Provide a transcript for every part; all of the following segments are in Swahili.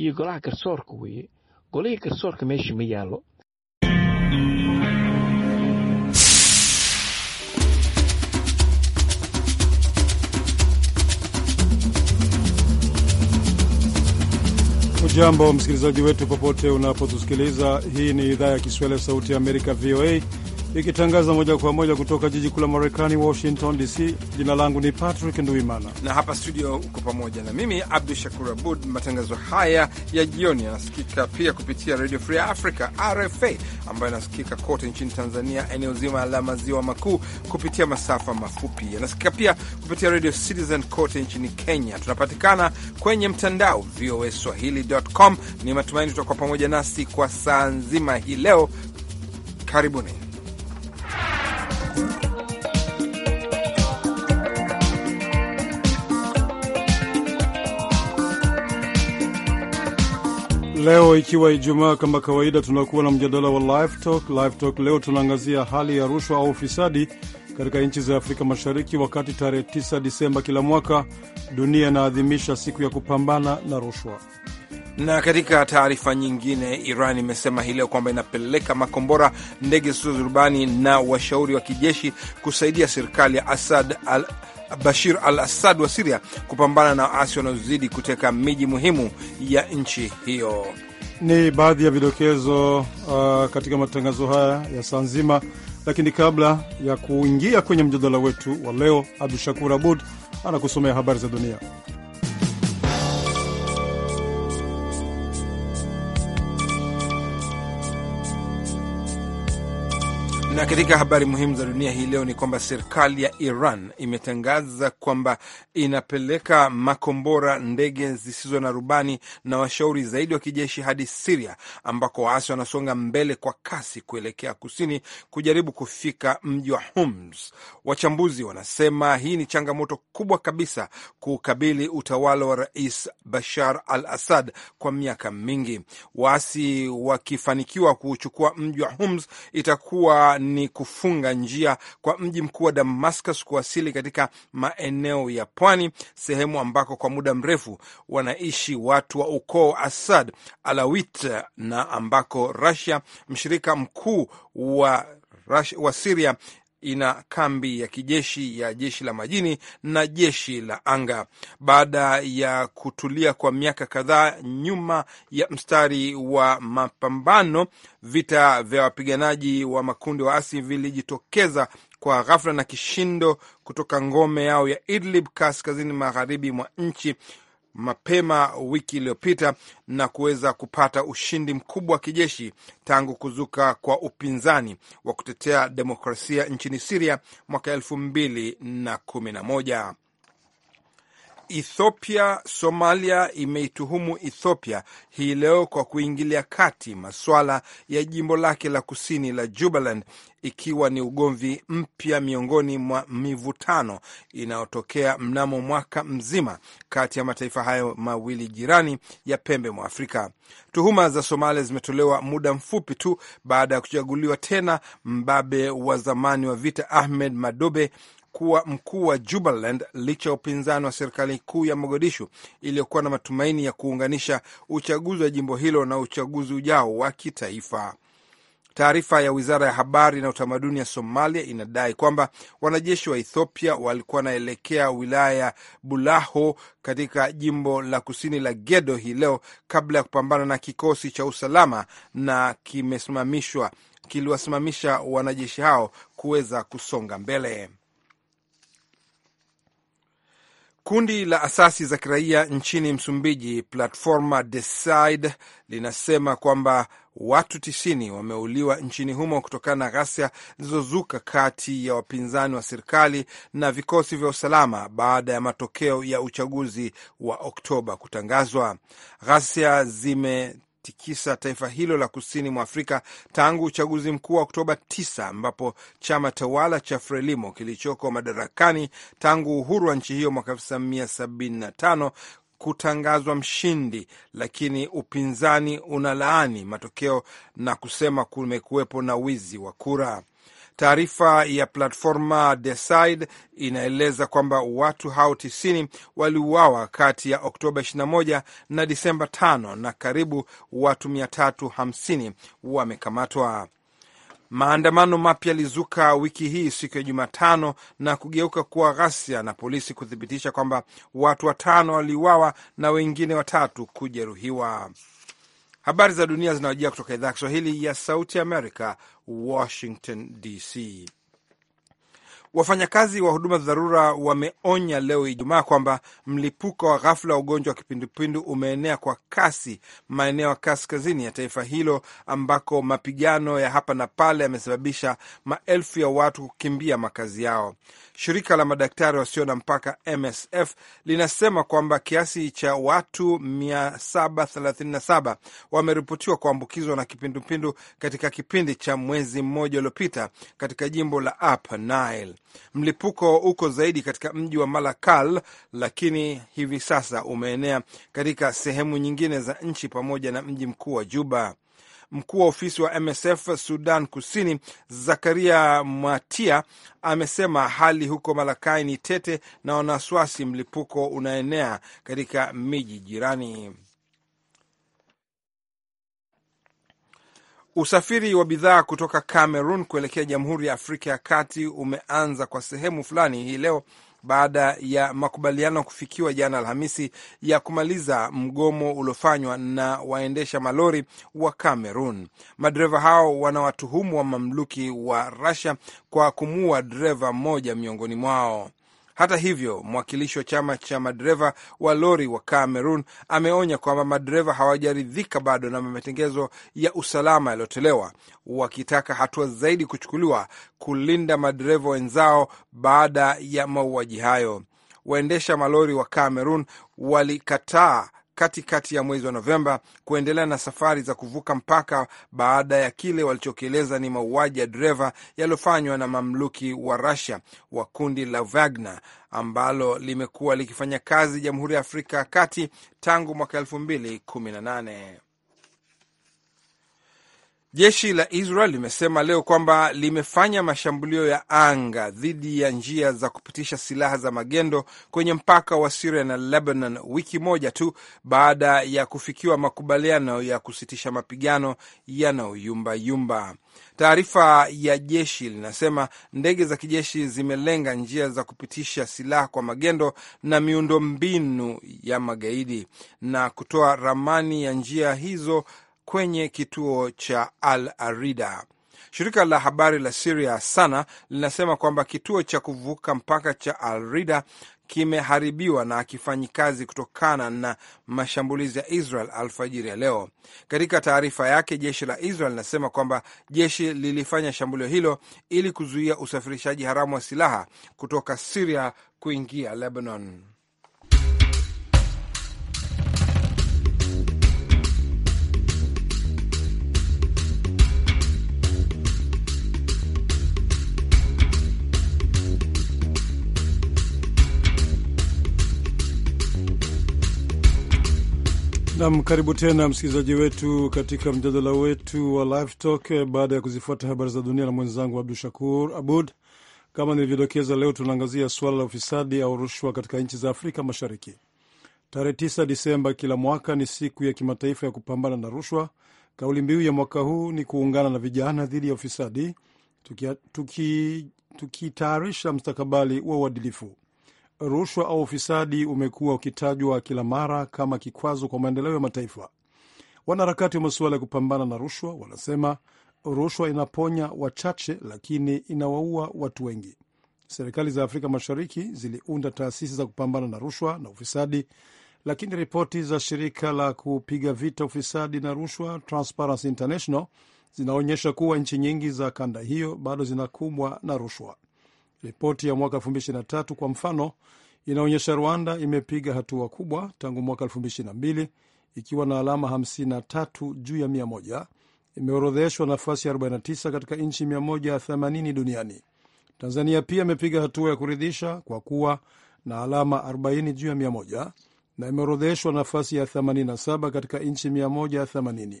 iyo golaha garsoorka weeye golihii e garsoorka meesha ma yaallo jambo msikilizaji wetu popote unapotusikiliza, hii ni idhaa ya Kiswahili ya Sauti ya Amerika, VOA ikitangaza moja kwa moja kutoka jiji kuu la Marekani, Washington DC. Jina langu ni Patrick Nduimana na hapa studio uko pamoja na mimi Abdu Shakur Abud. Matangazo haya ya jioni yanasikika pia kupitia Radio Free Africa, RFA, ambayo yanasikika kote nchini Tanzania, eneo zima la maziwa makuu kupitia masafa mafupi. Yanasikika pia kupitia Radio Citizen kote nchini Kenya. Tunapatikana kwenye mtandao VOA swahili.com. Ni matumaini tutakuwa pamoja nasi kwa saa nzima hii leo. Karibuni. Leo ikiwa Ijumaa, kama kawaida, tunakuwa na mjadala wa Live Talk. Live Talk leo tunaangazia hali ya rushwa au ufisadi katika nchi za Afrika Mashariki, wakati tarehe 9 Disemba kila mwaka dunia inaadhimisha siku ya kupambana na rushwa. Na katika taarifa nyingine, Iran imesema hii leo kwamba inapeleka makombora, ndege zisizo za rubani na washauri wa kijeshi kusaidia serikali ya Asad al Bashir al Assad wa Siria kupambana na waasi wanaozidi kuteka miji muhimu ya nchi hiyo. Ni baadhi ya vidokezo uh, katika matangazo haya ya saa nzima, lakini kabla ya kuingia kwenye mjadala wetu wa leo, Abdu Shakur Abud anakusomea habari za dunia. Na katika habari muhimu za dunia hii leo ni kwamba serikali ya Iran imetangaza kwamba inapeleka makombora, ndege zisizo na rubani na washauri zaidi wa kijeshi hadi Siria, ambako waasi wanasonga mbele kwa kasi kuelekea kusini kujaribu kufika mji wa Homs. Wachambuzi wanasema hii ni changamoto kubwa kabisa kukabili utawala wa Rais Bashar al Assad kwa miaka mingi. Waasi wakifanikiwa kuchukua mji wa Homs itakuwa ni kufunga njia kwa mji mkuu wa Damascus kuwasili katika maeneo ya pwani, sehemu ambako kwa muda mrefu wanaishi watu wa ukoo Assad Alawit, na ambako Russia mshirika mkuu wa wa Siria ina kambi ya kijeshi ya jeshi la majini na jeshi la anga. Baada ya kutulia kwa miaka kadhaa nyuma ya mstari wa mapambano, vita vya wapiganaji wa makundi waasi vilijitokeza kwa ghafla na kishindo kutoka ngome yao ya Idlib kaskazini magharibi mwa nchi mapema wiki iliyopita na kuweza kupata ushindi mkubwa wa kijeshi tangu kuzuka kwa upinzani wa kutetea demokrasia nchini Siria mwaka elfu mbili na kumi na moja. Ethiopia. Somalia imeituhumu Ethiopia hii leo kwa kuingilia kati masuala ya jimbo lake la kusini la Jubaland, ikiwa ni ugomvi mpya miongoni mwa mivutano inayotokea mnamo mwaka mzima kati ya mataifa hayo mawili jirani ya pembe mwa Afrika. Tuhuma za Somalia zimetolewa muda mfupi tu baada ya kuchaguliwa tena mbabe wa zamani wa vita Ahmed Madobe kuwa mkuu wa Jubaland licha ya upinzani wa serikali kuu ya Mogadishu iliyokuwa na matumaini ya kuunganisha uchaguzi wa jimbo hilo na uchaguzi ujao wa kitaifa. Taarifa ya wizara ya habari na utamaduni ya Somalia inadai kwamba wanajeshi wa Ethiopia walikuwa wanaelekea wilaya ya Bulaho katika jimbo la kusini la Gedo hii leo kabla ya kupambana na kikosi cha usalama na kimesimamishwa, kiliwasimamisha wanajeshi hao kuweza kusonga mbele. Kundi la asasi za kiraia nchini Msumbiji, Platforma Decide, linasema kwamba watu tisini wameuliwa nchini humo kutokana na ghasia zilizozuka kati ya wapinzani wa serikali na vikosi vya usalama baada ya matokeo ya uchaguzi wa Oktoba kutangazwa. Ghasia zime tikisa taifa hilo la kusini mwa Afrika tangu uchaguzi mkuu wa Oktoba 9 ambapo chama tawala cha Frelimo kilichoko madarakani tangu uhuru wa nchi hiyo mwaka 1975 kutangazwa mshindi, lakini upinzani unalaani matokeo na kusema kumekuwepo na wizi wa kura. Taarifa ya platforma Decide inaeleza kwamba watu hao tisini waliuawa kati ya Oktoba 21 na Disemba 5 na karibu watu 350 wamekamatwa. Maandamano mapya yalizuka wiki hii siku ya Jumatano na kugeuka kuwa ghasia na polisi kuthibitisha kwamba watu watano waliuawa na wengine watatu kujeruhiwa. Habari za dunia zinawajia kutoka idhaa ya Kiswahili ya Sauti Amerika, Washington DC. Wafanyakazi wa huduma za dharura wameonya leo Ijumaa kwamba mlipuko wa ghafla wa ugonjwa wa kipindupindu umeenea kwa kasi maeneo ya kaskazini ya taifa hilo ambako mapigano ya hapa na pale yamesababisha maelfu ya watu kukimbia makazi yao. Shirika la madaktari wasio na mpaka MSF linasema kwamba kiasi cha watu 737 wameripotiwa kuambukizwa na kipindupindu katika kipindi cha mwezi mmoja uliopita katika jimbo la Upper Nile. Mlipuko uko zaidi katika mji wa Malakal, lakini hivi sasa umeenea katika sehemu nyingine za nchi pamoja na mji mkuu wa Juba. Mkuu wa ofisi wa MSF Sudan Kusini, Zakaria Mwatia, amesema hali huko Malakai ni tete na wanawasiwasi mlipuko unaenea katika miji jirani. Usafiri wa bidhaa kutoka Cameroon kuelekea Jamhuri ya Afrika ya Kati umeanza kwa sehemu fulani hii leo baada ya makubaliano kufikiwa jana Alhamisi ya kumaliza mgomo uliofanywa na waendesha malori wa Cameroon. Madereva hao wanawatuhumu wa mamluki wa Russia kwa kumuua dereva mmoja miongoni mwao. Hata hivyo, mwakilishi wa chama cha madereva wa lori wa Cameroon ameonya kwamba madereva hawajaridhika bado na matengenezo ya usalama yaliyotolewa, wakitaka hatua zaidi kuchukuliwa kulinda madereva wenzao baada ya mauaji hayo. Waendesha malori wa Cameroon walikataa katikati kati ya mwezi wa Novemba kuendelea na safari za kuvuka mpaka baada ya kile walichokieleza ni mauaji ya dereva yaliyofanywa na mamluki wa rasia wa kundi la Wagner ambalo limekuwa likifanya kazi Jamhuri ya Afrika ya Kati tangu mwaka elfu mbili kumi na nane. Jeshi la Israel limesema leo kwamba limefanya mashambulio ya anga dhidi ya njia za kupitisha silaha za magendo kwenye mpaka wa Siria na Lebanon, wiki moja tu baada ya kufikiwa makubaliano ya kusitisha mapigano yanayoyumbayumba. Taarifa ya jeshi linasema ndege za kijeshi zimelenga njia za kupitisha silaha kwa magendo na miundombinu ya magaidi na kutoa ramani ya njia hizo kwenye kituo cha Al Arida. Shirika la habari la Siria Sana linasema kwamba kituo cha kuvuka mpaka cha Al Rida kimeharibiwa na akifanyi kazi kutokana na mashambulizi ya Israel alfajiri ya leo. Katika taarifa yake, jeshi la Israel linasema kwamba jeshi lilifanya shambulio hilo ili kuzuia usafirishaji haramu wa silaha kutoka Siria kuingia Lebanon. Nam, karibu tena msikilizaji wetu katika mjadala wetu wa Live Talk eh, baada ya kuzifuata habari za dunia na mwenzangu Abdu Shakur Abud. Kama nilivyodokeza, leo tunaangazia suala la ufisadi au rushwa katika nchi za Afrika Mashariki. Tarehe 9 Disemba kila mwaka ni siku ya kimataifa ya kupambana na rushwa. Kauli mbiu ya mwaka huu ni kuungana na vijana dhidi ya ufisadi, tukitayarisha tuki, tuki mstakabali wa uadilifu rushwa au ufisadi umekuwa ukitajwa kila mara kama kikwazo kwa maendeleo ya mataifa. Wanaharakati wa masuala ya kupambana na rushwa wanasema rushwa inaponya wachache, lakini inawaua watu wengi. Serikali za Afrika Mashariki ziliunda taasisi za kupambana na rushwa na ufisadi, lakini ripoti za shirika la kupiga vita ufisadi na rushwa Transparency International zinaonyesha kuwa nchi nyingi za kanda hiyo bado zinakumbwa na rushwa. Ripoti ya mwaka 2023 kwa mfano inaonyesha Rwanda imepiga hatua kubwa tangu mwaka 2022 ikiwa na alama 53 juu ya 100. Imeorodheshwa nafasi 49 katika nchi 180 duniani. Tanzania pia imepiga hatua ya kuridhisha kwa kuwa na alama 40 juu ya 100 na imeorodheshwa nafasi ya 87 katika nchi 180.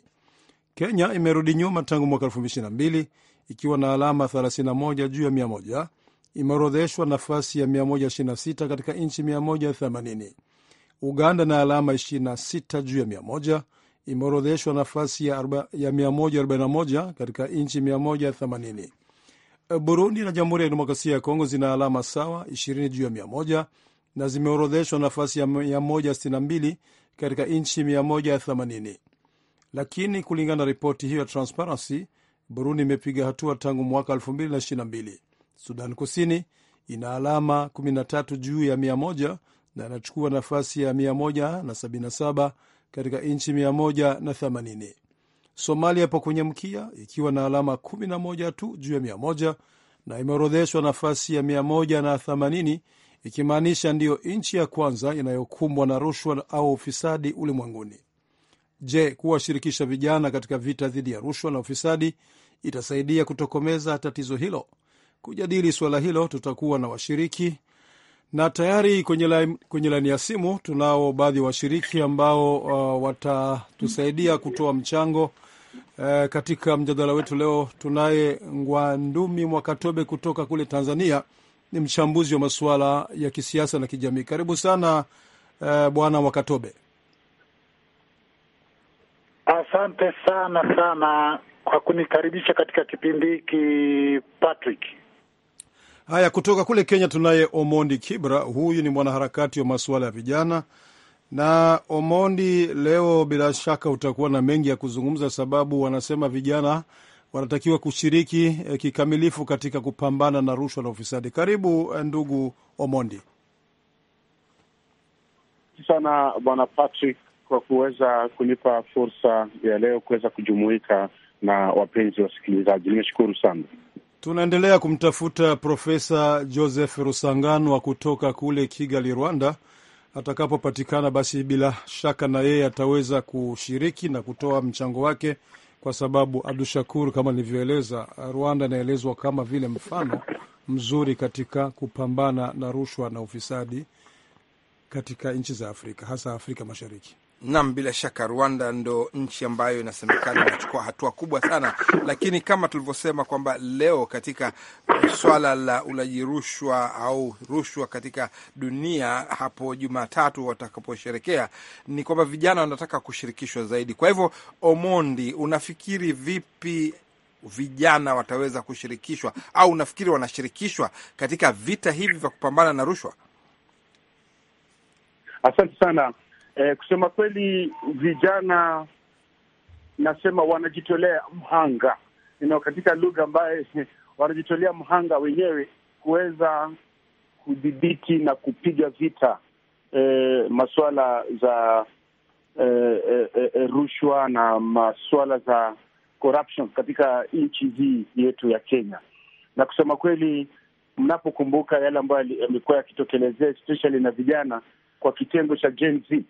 Kenya imerudi nyuma tangu mwaka 2022 ikiwa na alama 31 juu ya 100 imeorodheshwa nafasi ya 126 katika nchi 180. Uganda na alama 26 juu ya 100 imeorodheshwa nafasi ya 141 katika nchi 180. Burundi na Jamhuri ya Demokrasia ya Kongo zina alama sawa 20 juu ya 100 na zimeorodheshwa nafasi ya 162 katika nchi 180. Lakini kulingana na ripoti hiyo ya Transparency, Burundi imepiga hatua tangu mwaka 2022. Sudan Kusini ina alama 13 juu ya 100 na inachukua nafasi ya 177 katika nchi 180. Somalia ipo kwenye mkia ikiwa na alama 11 tu juu ya 100 na imeorodheshwa nafasi ya 180 ikimaanisha ndiyo nchi ya kwanza inayokumbwa na rushwa au ufisadi ulimwenguni. Je, kuwashirikisha vijana katika vita dhidi ya rushwa na ufisadi itasaidia kutokomeza tatizo hilo? Kujadili suala hilo, tutakuwa na washiriki na tayari kwenye laini kwenye ya simu tunao baadhi ya washiriki ambao uh, watatusaidia kutoa mchango uh, katika mjadala wetu leo. Tunaye Ngwandumi Mwakatobe kutoka kule Tanzania, ni mchambuzi wa masuala ya kisiasa na kijamii. Karibu sana uh, bwana Mwakatobe. Asante sana sana kwa kunikaribisha katika kipindi hiki Patrick. Haya, kutoka kule Kenya tunaye Omondi Kibra. Huyu ni mwanaharakati wa masuala ya vijana. Na Omondi, leo bila shaka utakuwa na mengi ya kuzungumza, sababu wanasema vijana wanatakiwa kushiriki eh, kikamilifu katika kupambana na rushwa na ufisadi. Karibu eh, ndugu Omondi. Sana bwana Patrick kwa kuweza kunipa fursa ya leo kuweza kujumuika na wapenzi wasikilizaji, nimeshukuru sana. Tunaendelea kumtafuta Profesa Joseph Rusanganwa kutoka kule Kigali, Rwanda. Atakapopatikana basi, bila shaka na yeye ataweza kushiriki na kutoa mchango wake, kwa sababu Abdu Shakur, kama nilivyoeleza, Rwanda inaelezwa kama vile mfano mzuri katika kupambana na rushwa na ufisadi katika nchi za Afrika, hasa Afrika Mashariki. Nam, bila shaka Rwanda ndo nchi ambayo inasemekana inachukua hatua kubwa sana, lakini kama tulivyosema kwamba leo katika swala la ulaji rushwa au rushwa katika dunia, hapo Jumatatu watakaposherekea ni kwamba vijana wanataka kushirikishwa zaidi. Kwa hivyo, Omondi, unafikiri vipi vijana wataweza kushirikishwa, au unafikiri wanashirikishwa katika vita hivi vya kupambana na rushwa? Asante sana. Eh, kusema kweli vijana nasema wanajitolea mhanga know, katika lugha ambaye wanajitolea mhanga wenyewe kuweza kudhibiti na kupiga vita eh, masuala za eh eh, eh, eh, rushwa na masuala za corruption katika nchi hii yetu ya Kenya. Na kusema kweli, mnapokumbuka yale ambayo yamekuwa yakitokelezea especially na vijana kwa kitengo cha Gen Z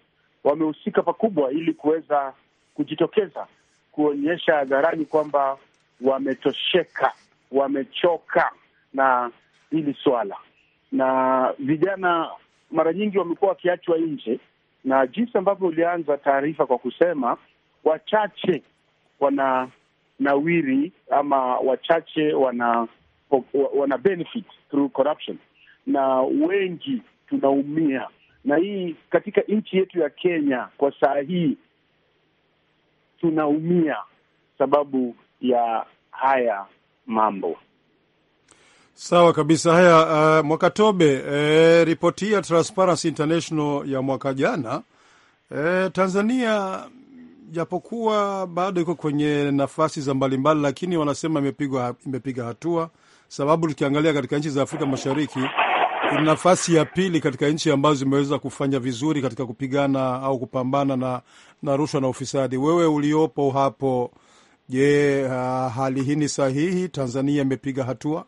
wamehusika pakubwa ili kuweza kujitokeza kuonyesha hadharani kwamba wametosheka, wamechoka na hili swala, na vijana mara nyingi wamekuwa wakiachwa nje, na jinsi ambavyo ulianza taarifa kwa kusema wachache wana nawiri ama wachache wana wana benefit through corruption, na wengi tunaumia na hii katika nchi yetu ya Kenya kwa saa hii tunaumia sababu ya haya mambo. Sawa kabisa. Haya, uh, Mwakatobe, eh, ripoti hii ya Transparency International ya mwaka jana, eh, Tanzania japokuwa bado iko kwenye nafasi za mbalimbali, lakini wanasema imepiga hatua, sababu tukiangalia katika nchi za Afrika Mashariki nafasi ya pili katika nchi ambazo zimeweza kufanya vizuri katika kupigana au kupambana na, na rushwa na ufisadi. Wewe uliopo hapo, je, uh, hali hii ni sahihi? Tanzania imepiga hatua?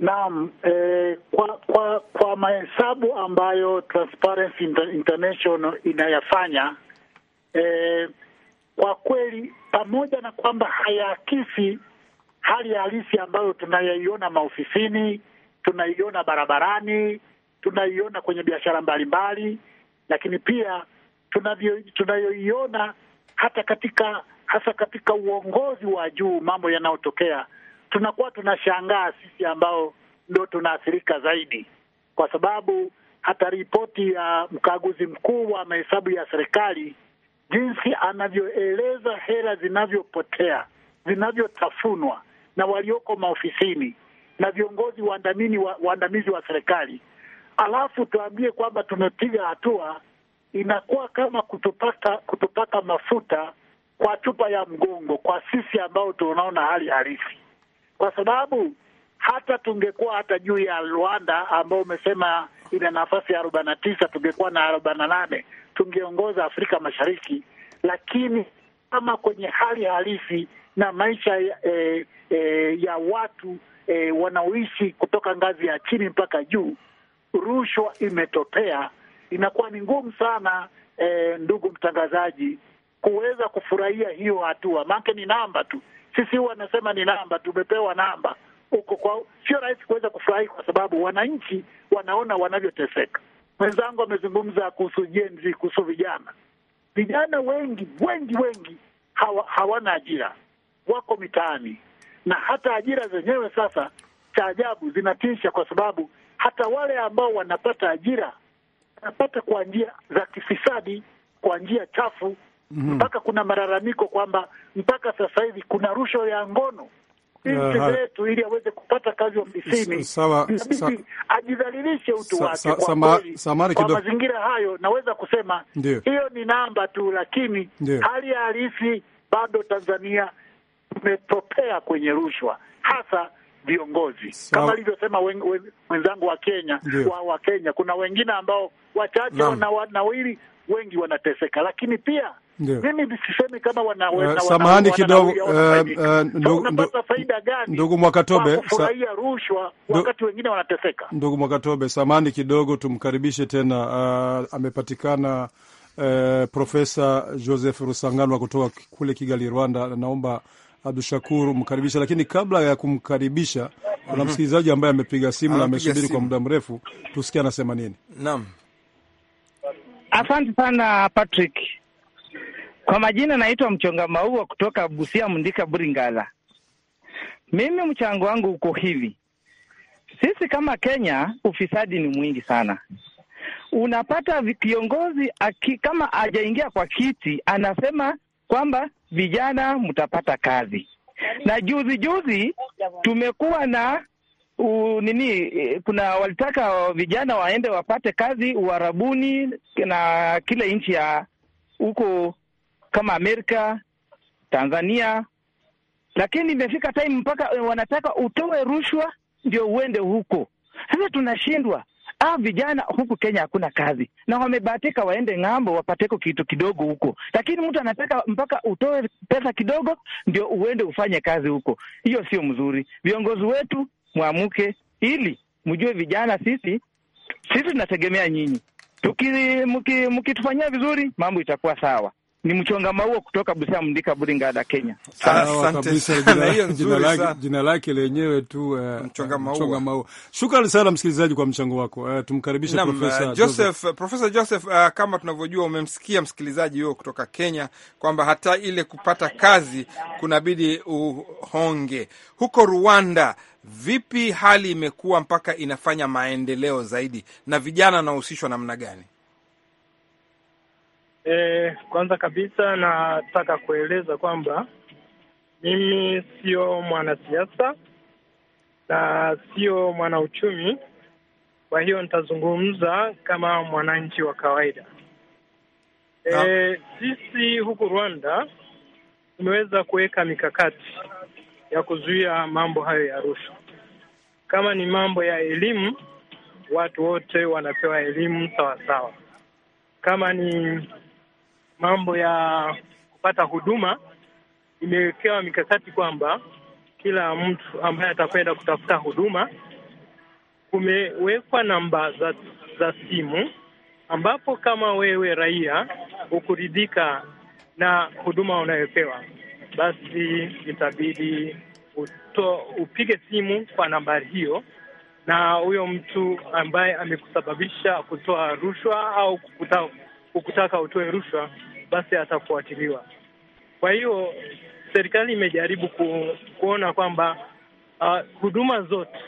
Naam, eh, kwa kwa kwa mahesabu ambayo Transparency International inayafanya eh, kwa kweli pamoja na kwamba hayaakisi hali halisi ambayo tunayaiona maofisini, tunaiona barabarani, tunaiona kwenye biashara mbalimbali, lakini pia tunayoiona hata katika hasa katika uongozi wa juu, mambo yanayotokea, tunakuwa tunashangaa sisi ambao ndo tunaathirika zaidi, kwa sababu hata ripoti ya mkaguzi mkuu wa mahesabu ya serikali, jinsi anavyoeleza hela zinavyopotea, zinavyotafunwa na walioko maofisini na viongozi waandamizi wa, waandamizi wa serikali, alafu tuambie kwamba tumepiga hatua, inakuwa kama kutupata kutupaka mafuta kwa chupa ya mgongo kwa sisi ambao tunaona hali halisi, kwa sababu hata tungekuwa hata juu ya Rwanda ambao umesema ina nafasi ya arobaini na tisa tungekuwa na arobaini na nane tungeongoza Afrika Mashariki, lakini kama kwenye hali halisi na maisha eh, eh, ya watu eh, wanaoishi kutoka ngazi ya chini mpaka juu, rushwa imetopea. Inakuwa ni ngumu sana eh, ndugu mtangazaji, kuweza kufurahia hiyo hatua, maanake ni namba tu. Sisi huwa anasema ni namba, tumepewa namba huko kwa, sio rahisi kuweza kufurahi kwa sababu wananchi wanaona wanavyoteseka. Mwenzangu amezungumza kuhusu jenzi, kuhusu vijana. Vijana wengi wengi wengi hawa, hawana ajira wako mitaani, na hata ajira zenyewe sasa, cha ajabu, zinatisha kwa sababu hata wale ambao wanapata ajira wanapata kwa njia za kifisadi, kwa njia chafu mhm. mpaka mm -hmm. Kuna malalamiko kwamba mpaka sasa hivi kuna rushwa ya ngono binti ili aweze kupata kazi ofisini, ajidhalilishe utu wake. Kwa mazingira hayo, naweza kusema hiyo ni namba tu, lakini hali ya halisi bado Tanzania tumetopea kwenye rushwa, hasa viongozi so, kama alivyosema mwenzangu wa Kenya wa, wa Kenya kuna wengine ambao wachache wanawili wengi wanateseka, lakini pia mimi sisemi kama wanaweza. Eh, samahani kidogo, eh, eh, unapata faida gani ndugu Mwakatobe kufurahia rushwa wakati wengine wanateseka? Ndugu Mwakatobe, samahani kidogo, tumkaribishe tena. Uh, amepatikana uh, Profesa Joseph Rusanganwa kutoka kule Kigali, Rwanda. Naomba Abdu Shakur mkaribisha lakini kabla ya kumkaribisha kuna mhm. msikilizaji ambaye amepiga simu na amesubiri kwa muda mrefu, tusikie anasema nini. Naam, asante sana Patrick. Kwa majina naitwa Mchonga Maua kutoka Busia, mndika Buringala. Mimi mchango wangu uko hivi, sisi kama Kenya ufisadi ni mwingi sana. Unapata viongozi aki, kama ajaingia kwa kiti anasema kwamba vijana mtapata kazi, na juzi juzi tumekuwa na u, nini, e, kuna walitaka vijana waende wapate kazi uharabuni na kile nchi ya huko kama Amerika, Tanzania, lakini imefika time mpaka wanataka utoe rushwa ndio uende huko. Sasa tunashindwa Ah, vijana huku Kenya hakuna kazi na wamebahatika waende ng'ambo wapateko kitu kidogo huko, lakini mtu anataka mpaka utoe pesa kidogo ndio uende ufanye kazi huko. Hiyo sio mzuri. Viongozi wetu mwamuke, ili mjue vijana, sisi sisi tunategemea nyinyi, mkitufanyia vizuri mambo itakuwa sawa, ni mchonga maua kutoka Busia, Mndika, Buringada, Kenya. Jina lake lenyewe tu uh, mchonga eh, maua, mchonga maua. Shukrani sana msikilizaji kwa mchango wako. Uh, tumkaribishe Profesa Joseph. Profesa Joseph, uh, kama tunavyojua, umemsikia msikilizaji huyo kutoka Kenya kwamba hata ile kupata kazi kunabidi uhonge. Huko Rwanda vipi hali imekuwa mpaka inafanya maendeleo zaidi, na vijana wanahusishwa namna gani? E, kwanza kabisa nataka kueleza kwamba mimi sio mwanasiasa na sio mwanauchumi, kwa hiyo nitazungumza kama mwananchi wa kawaida. E, sisi huku Rwanda tumeweza kuweka mikakati ya kuzuia mambo hayo ya rushwa. Kama ni mambo ya elimu, watu wote wanapewa elimu sawa sawa. Kama ni mambo ya kupata huduma, imewekewa mikakati kwamba kila mtu ambaye atakwenda kutafuta huduma, kumewekwa namba za, za simu ambapo kama wewe raia hukuridhika na huduma unayopewa, basi itabidi uto, upige simu kwa nambari hiyo, na huyo mtu ambaye amekusababisha kutoa rushwa au kukutaka, kukutaka utoe rushwa basi atafuatiliwa. Kwa hiyo serikali imejaribu ku, kuona kwamba uh, huduma zote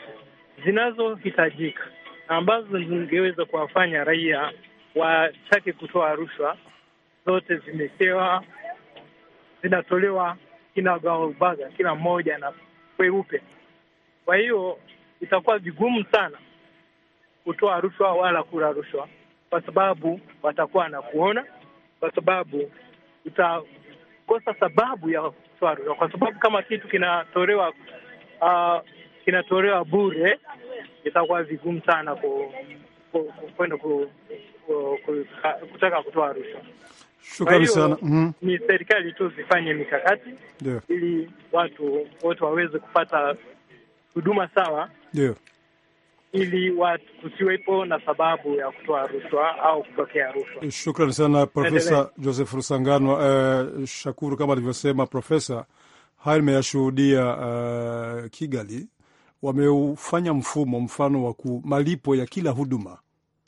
zinazohitajika ambazo zingeweza kuwafanya raia watake kutoa rushwa zote zimepewa, zinatolewa kinagaubaga, kila mmoja na kweupe. Kwa hiyo itakuwa vigumu sana kutoa rushwa wala kula rushwa, kwa sababu watakuwa na kuona kwa sababu utakosa sababu ya kutoa, kwa sababu kama kitu kinatolewa uh, kinatolewa bure, itakuwa vigumu sana kwenda ku, ku, ku, kutaka kutoa rushwa. Shukrani sana. Mm -hmm. Ni serikali tu zifanye mikakati yeah, ili watu wote waweze kupata huduma sawa yeah ili kusiwepo na sababu ya kutoa rushwa au kutokea rushwa. Shukran sana Profesa Joseph Rusanganwa. Uh, shakuru kama alivyosema profesa, haya nimeyashuhudia uh, Kigali wameufanya mfumo mfano wa malipo ya kila huduma,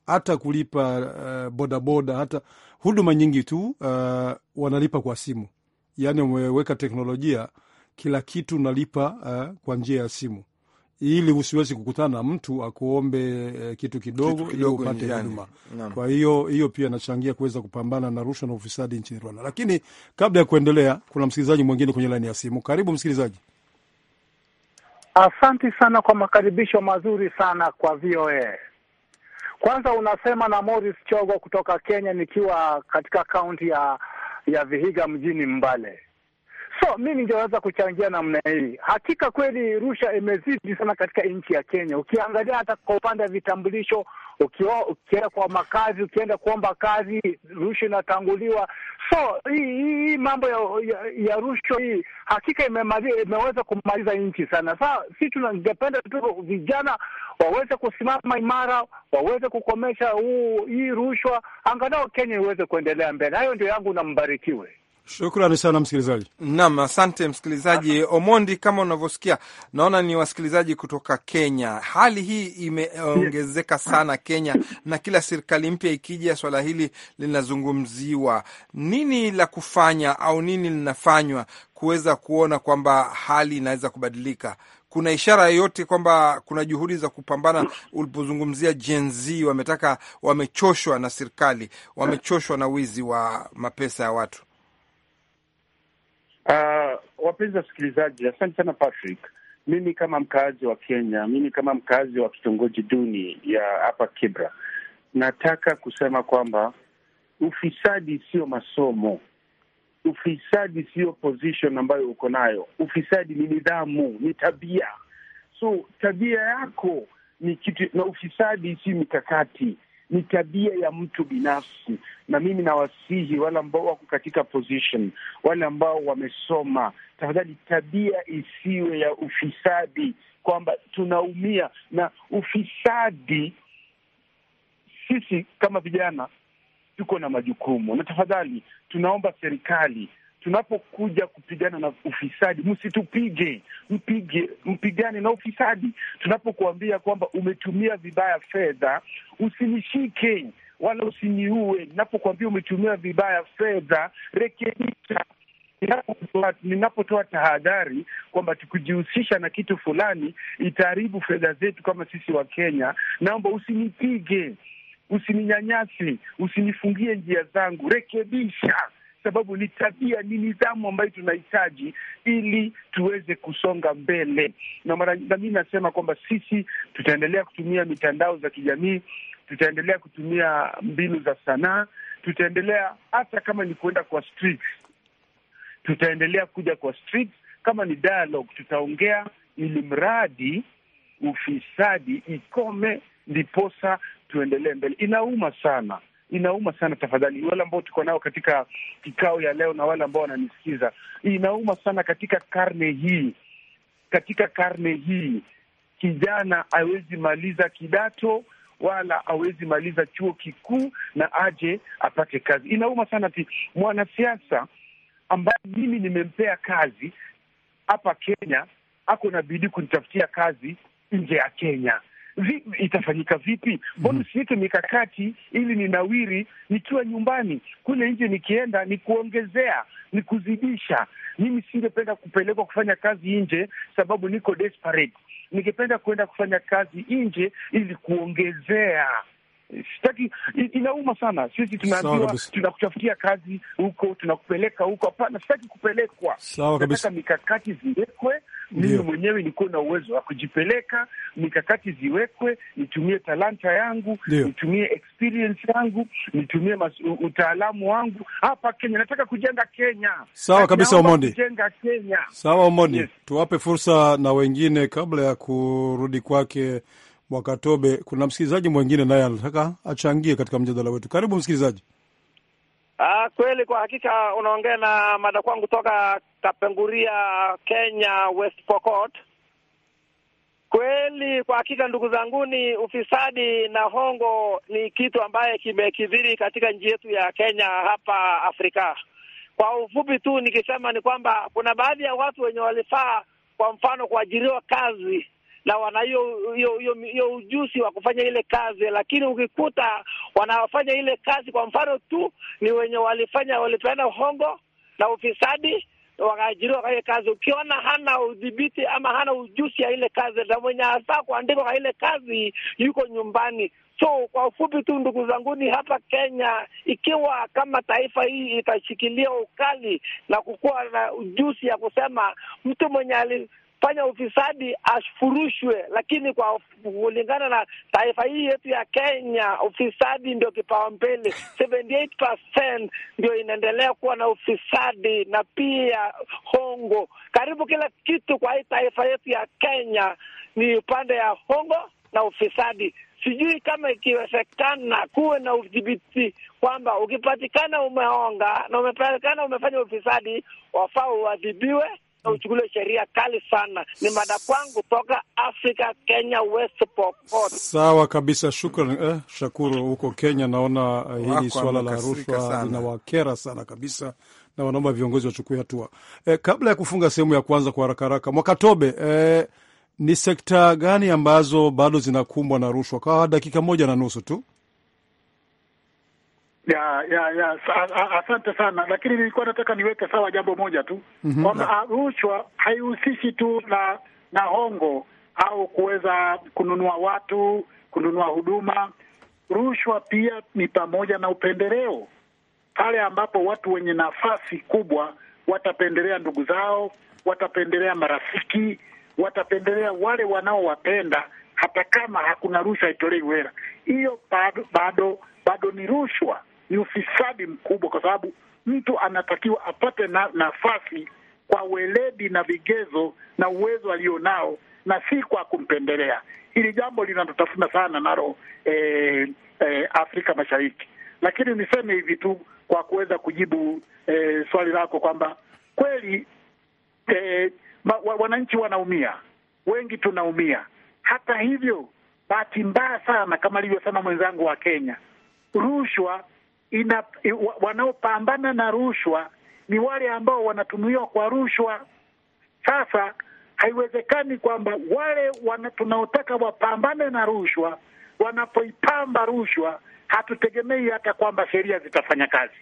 hata kulipa uh, bodaboda, hata huduma nyingi tu uh, wanalipa kwa simu, yaani wameweka teknolojia, kila kitu unalipa uh, kwa njia ya simu ili usiwezi kukutana na mtu akuombe eh, kitu kidogo ili upate huduma. Kwa hiyo hiyo pia inachangia kuweza kupambana na rushwa na ufisadi nchini Rwanda. Lakini kabla ya kuendelea, kuna msikilizaji mwingine kwenye laini ya simu. Karibu msikilizaji. Asante sana kwa makaribisho mazuri sana kwa VOA. Kwanza unasema na Morris Chogo kutoka Kenya, nikiwa katika kaunti ya ya Vihiga mjini Mbale. So mi ningeweza kuchangia namna hii. Hakika kweli rusha imezidi sana katika nchi ya Kenya. Ukiangalia hata kwa upande wa vitambulisho, ukienda kwa makazi, ukienda kuomba kazi, rusha inatanguliwa. So hii, hii, hii mambo ya, ya, ya rushwa hii hakika imemali, imeweza kumaliza nchi sana. Saa si tunangependa tu vijana waweze kusimama imara, waweze kukomesha huu hii rushwa, angalau Kenya iweze kuendelea mbele. Hayo ndio yangu na mbarikiwe. Shukrani sana msikilizaji. Naam, asante msikilizaji Omondi. Kama unavyosikia, naona ni wasikilizaji kutoka Kenya. Hali hii imeongezeka sana Kenya, na kila serikali mpya ikija, swala hili linazungumziwa. Nini la kufanya au nini linafanywa kuweza kuona kwamba hali inaweza kubadilika? Kuna ishara yoyote kwamba kuna juhudi za kupambana? Ulipozungumzia Gen Z, wametaka wamechoshwa na serikali, wamechoshwa na wizi wa mapesa ya watu. Uh, wapenzi wasikilizaji, asante sana Patrick. Mimi kama mkaazi wa Kenya, mimi kama mkaazi wa kitongoji duni ya hapa Kibra, nataka kusema kwamba ufisadi sio masomo, ufisadi sio position ambayo uko nayo. Ufisadi ni nidhamu, ni tabia. So tabia yako ni kitu, na ufisadi si mikakati ni tabia ya mtu binafsi, na mimi nawasihi wale ambao wako katika position, wale ambao wamesoma, tafadhali tabia isiwe ya ufisadi, kwamba tunaumia na ufisadi. Sisi kama vijana tuko na majukumu, na tafadhali tunaomba serikali tunapokuja kupigana na ufisadi, msitupige, mpige, mpigane na ufisadi. Tunapokuambia kwamba umetumia vibaya fedha, usinishike wala usiniue. Ninapokuambia umetumia vibaya fedha, rekebisha. Ninapotoa tahadhari kwamba tukijihusisha na kitu fulani itaharibu fedha zetu kama sisi wa Kenya, naomba usinipige, usininyanyasi, usinifungie njia zangu, rekebisha sababu ni tabia, ni nidhamu ambayo tunahitaji ili tuweze kusonga mbele. Na mara nami nasema kwamba sisi tutaendelea kutumia mitandao za kijamii, tutaendelea kutumia mbinu za sanaa, tutaendelea hata kama ni kuenda kwa streets, tutaendelea kuja kwa streets. Kama ni dialogue, tutaongea ili mradi ufisadi ikome, ndiposa tuendelee mbele. Inauma sana inauma sana tafadhali, wale ambao tuko nao katika kikao ya leo na wale ambao wananisikiza, inauma sana katika karne hii, katika karne hii kijana awezi maliza kidato wala awezi maliza chuo kikuu na aje apate kazi. Inauma sana ti mwanasiasa ambaye mimi nimempea kazi hapa Kenya ako na bidii kunitafutia kazi nje ya Kenya vi, itafanyika vipi? Mbona mhm. siweke mikakati ili ninawiri nikiwa nyumbani? Kule nje nikienda ni kuongezea, ni kuzidisha. Mimi singependa kupelekwa kufanya kazi nje sababu niko desperate. Ningependa kuenda kufanya kazi nje ili kuongezea Sitaki, inauma sana. Sisi tunaambiwa tunakutafutia kazi huko, tunakupeleka huko. Hapana, sitaki kupelekwa. kabisa, mikakati ziwekwe mimi mwenyewe nikuwe na uwezo wa kujipeleka, mikakati ziwekwe, nitumie talanta yangu Dio. nitumie experience yangu, nitumie utaalamu wangu hapa Kenya. Nataka kujenga Kenya. Sawa kabisa Omondi, kujenga Kenya. Sawa Omondi, yes. Tuwape fursa na wengine kabla ya kurudi kwake Mwakatobe. Kuna msikilizaji mwingine naye anataka achangie katika mjadala wetu. Karibu msikilizaji. Ah, kweli kwa hakika unaongea na mada kwangu toka Kapenguria, Kenya, West Pokot. Kweli kwa hakika, ndugu zanguni, ufisadi na hongo ni kitu ambaye kimekidhiri katika nchi yetu ya Kenya hapa Afrika. Kwa ufupi tu nikisema ni kwamba kuna baadhi ya watu wenye walifaa, kwa mfano, kuajiriwa kazi na wana hiyo ujuzi wa kufanya ile kazi, lakini ukikuta wanafanya ile kazi, kwa mfano tu ni wenye walifanya walipeana hongo na ufisadi wakaajiriwa kwa ile kazi. Ukiona hana udhibiti ama hana ujuzi ya ile kazi, na mwenye hasa kuandikwa kwa ile kazi yuko nyumbani. So kwa ufupi tu, ndugu zanguni, hapa Kenya, ikiwa kama taifa hii itashikilia ukali na kukuwa na ujuzi ya kusema mtu mwenye fanya ufisadi afurushwe, lakini kwa kulingana na taifa hii yetu ya Kenya, ufisadi ndio kipaumbele. 78% ndio inaendelea kuwa na ufisadi na pia hongo. Karibu kila kitu kwa hii taifa yetu ya Kenya ni upande ya hongo na ufisadi. Sijui kama ikiwezekana kuwe na udhibiti kwamba ukipatikana umeonga na umepatikana umefanya ufisadi, wafaa uadhibiwe uchukule sheria kali sana. Ni mada kwangu toka Afrika, Kenya, West Pokot. Sawa kabisa, shukran eh, Shakuru huko Kenya. Naona uh, hili swala la rushwa linawakera sana kabisa na wanaomba viongozi wachukue hatua eh. Kabla ya kufunga sehemu ya kwanza kwa haraka haraka, Mwakatobe, eh, ni sekta gani ambazo bado zinakumbwa na rushwa? Kwa dakika moja na nusu tu. Ya, ya, ya. Asante sana, lakini nilikuwa nataka niweke sawa jambo moja tu mhm. kwamba rushwa haihusishi tu na na hongo au kuweza kununua watu, kununua huduma. Rushwa pia ni pamoja na upendeleo, pale ambapo watu wenye nafasi kubwa watapendelea ndugu zao, watapendelea marafiki, watapendelea wale wanaowapenda, hata kama hakuna rushwa itolei wera. Hiyo bado bado bado ni rushwa ni ufisadi mkubwa, kwa sababu mtu anatakiwa apate na, nafasi kwa weledi na vigezo na uwezo alionao na si kwa kumpendelea. Hili jambo linatutafuna sana nalo eh, eh, Afrika Mashariki. Lakini niseme hivi tu kwa kuweza kujibu eh, swali lako kwamba kweli eh, wananchi wanaumia, wengi tunaumia. Hata hivyo, bahati mbaya sana, kama alivyosema mwenzangu wa Kenya, rushwa ina wanaopambana na rushwa ni wale ambao wanatumiwa kwa rushwa. Sasa haiwezekani kwamba wale wana, tunaotaka wapambane na rushwa wanapoipamba rushwa, hatutegemei hata kwamba sheria zitafanya kazi.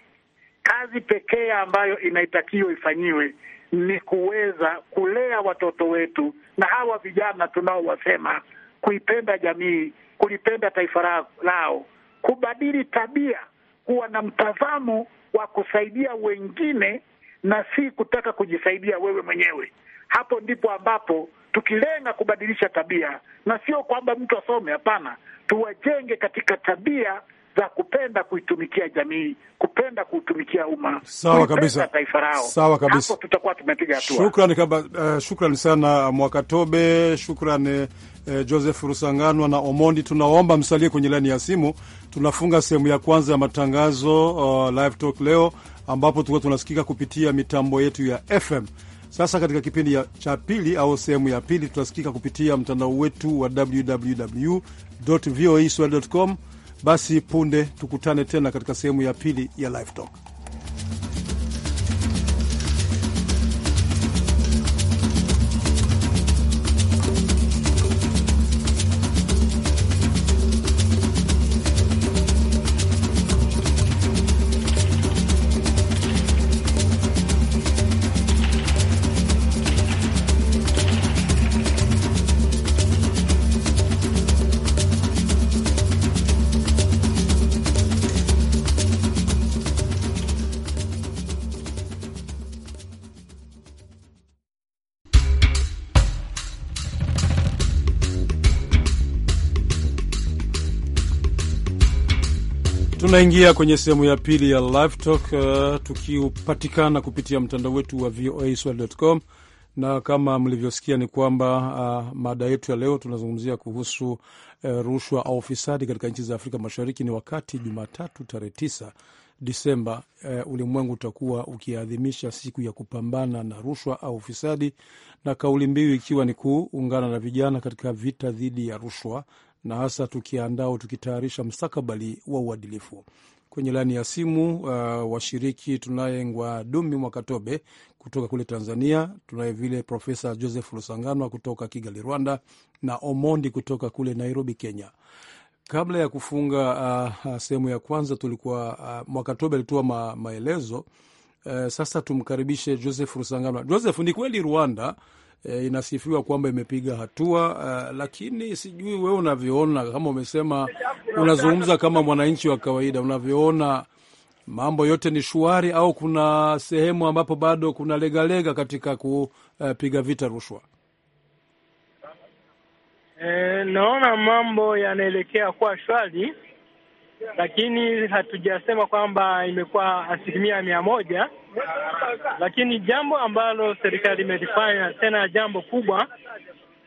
Kazi pekee ambayo inaitakiwa ifanyiwe ni kuweza kulea watoto wetu na hawa vijana tunaowasema kuipenda jamii, kulipenda taifa lao, kubadili tabia kuwa na mtazamo wa kusaidia wengine na si kutaka kujisaidia wewe mwenyewe. Hapo ndipo ambapo tukilenga kubadilisha tabia, na sio kwamba mtu asome, hapana, tuwajenge katika tabia za kupenda kuitumikia jamii, kupenda kuutumikia umma, sawa kabisa, taifa lao. Sawa kabisa, hapo tutakuwa tumepiga hatua. Shukrani kama uh, eh, shukrani sana Mwakatobe, shukrani uh, Joseph Rusanganwa na Omondi. Tunaomba msalie kwenye laini ya simu. Tunafunga sehemu ya kwanza ya matangazo uh, live talk leo, ambapo tulikuwa tunasikika kupitia mitambo yetu ya FM. Sasa katika kipindi cha pili au sehemu ya pili tutasikika kupitia mtandao wetu wa www voa e basi punde tukutane tena katika sehemu ya pili ya Live Talk. Tunaingia kwenye sehemu ya pili ya Live Talk uh, tukipatikana kupitia mtandao wetu wa voaswahili.com, na kama mlivyosikia ni kwamba uh, mada yetu ya leo tunazungumzia kuhusu uh, rushwa au ufisadi katika nchi za Afrika Mashariki. Ni wakati Jumatatu tarehe tisa Disemba uh, ulimwengu utakuwa ukiadhimisha siku ya kupambana na rushwa au ufisadi, na kauli mbiu ikiwa ni kuungana na vijana katika vita dhidi ya rushwa na hasa tukiandaa au tukitayarisha mstakabali wa uadilifu. Kwenye laini ya simu uh, washiriki tunaye Dumi Mwakatobe kutoka kule Tanzania, tunaye vile Profesa Joseph Rusanganwa kutoka Kigali, Rwanda, na Omondi kutoka kule Nairobi, Kenya. Kabla ya kufunga uh, uh, sehemu ya kwanza tulikuwa uh, Mwakatobe alitoa ma, maelezo uh, sasa tumkaribishe Joseph Rusanganwa. Joseph, ni kweli Rwanda eh, inasifiwa kwamba imepiga hatua uh, lakini sijui wewe unavyoona, kama umesema, unazungumza kama mwananchi wa kawaida, unavyoona mambo yote ni shwari au kuna sehemu ambapo bado kuna legalega katika kupiga vita rushwa? E, naona mambo yanaelekea kuwa shwari, lakini hatujasema kwamba imekuwa asilimia mia moja lakini jambo ambalo serikali imelifanya tena jambo kubwa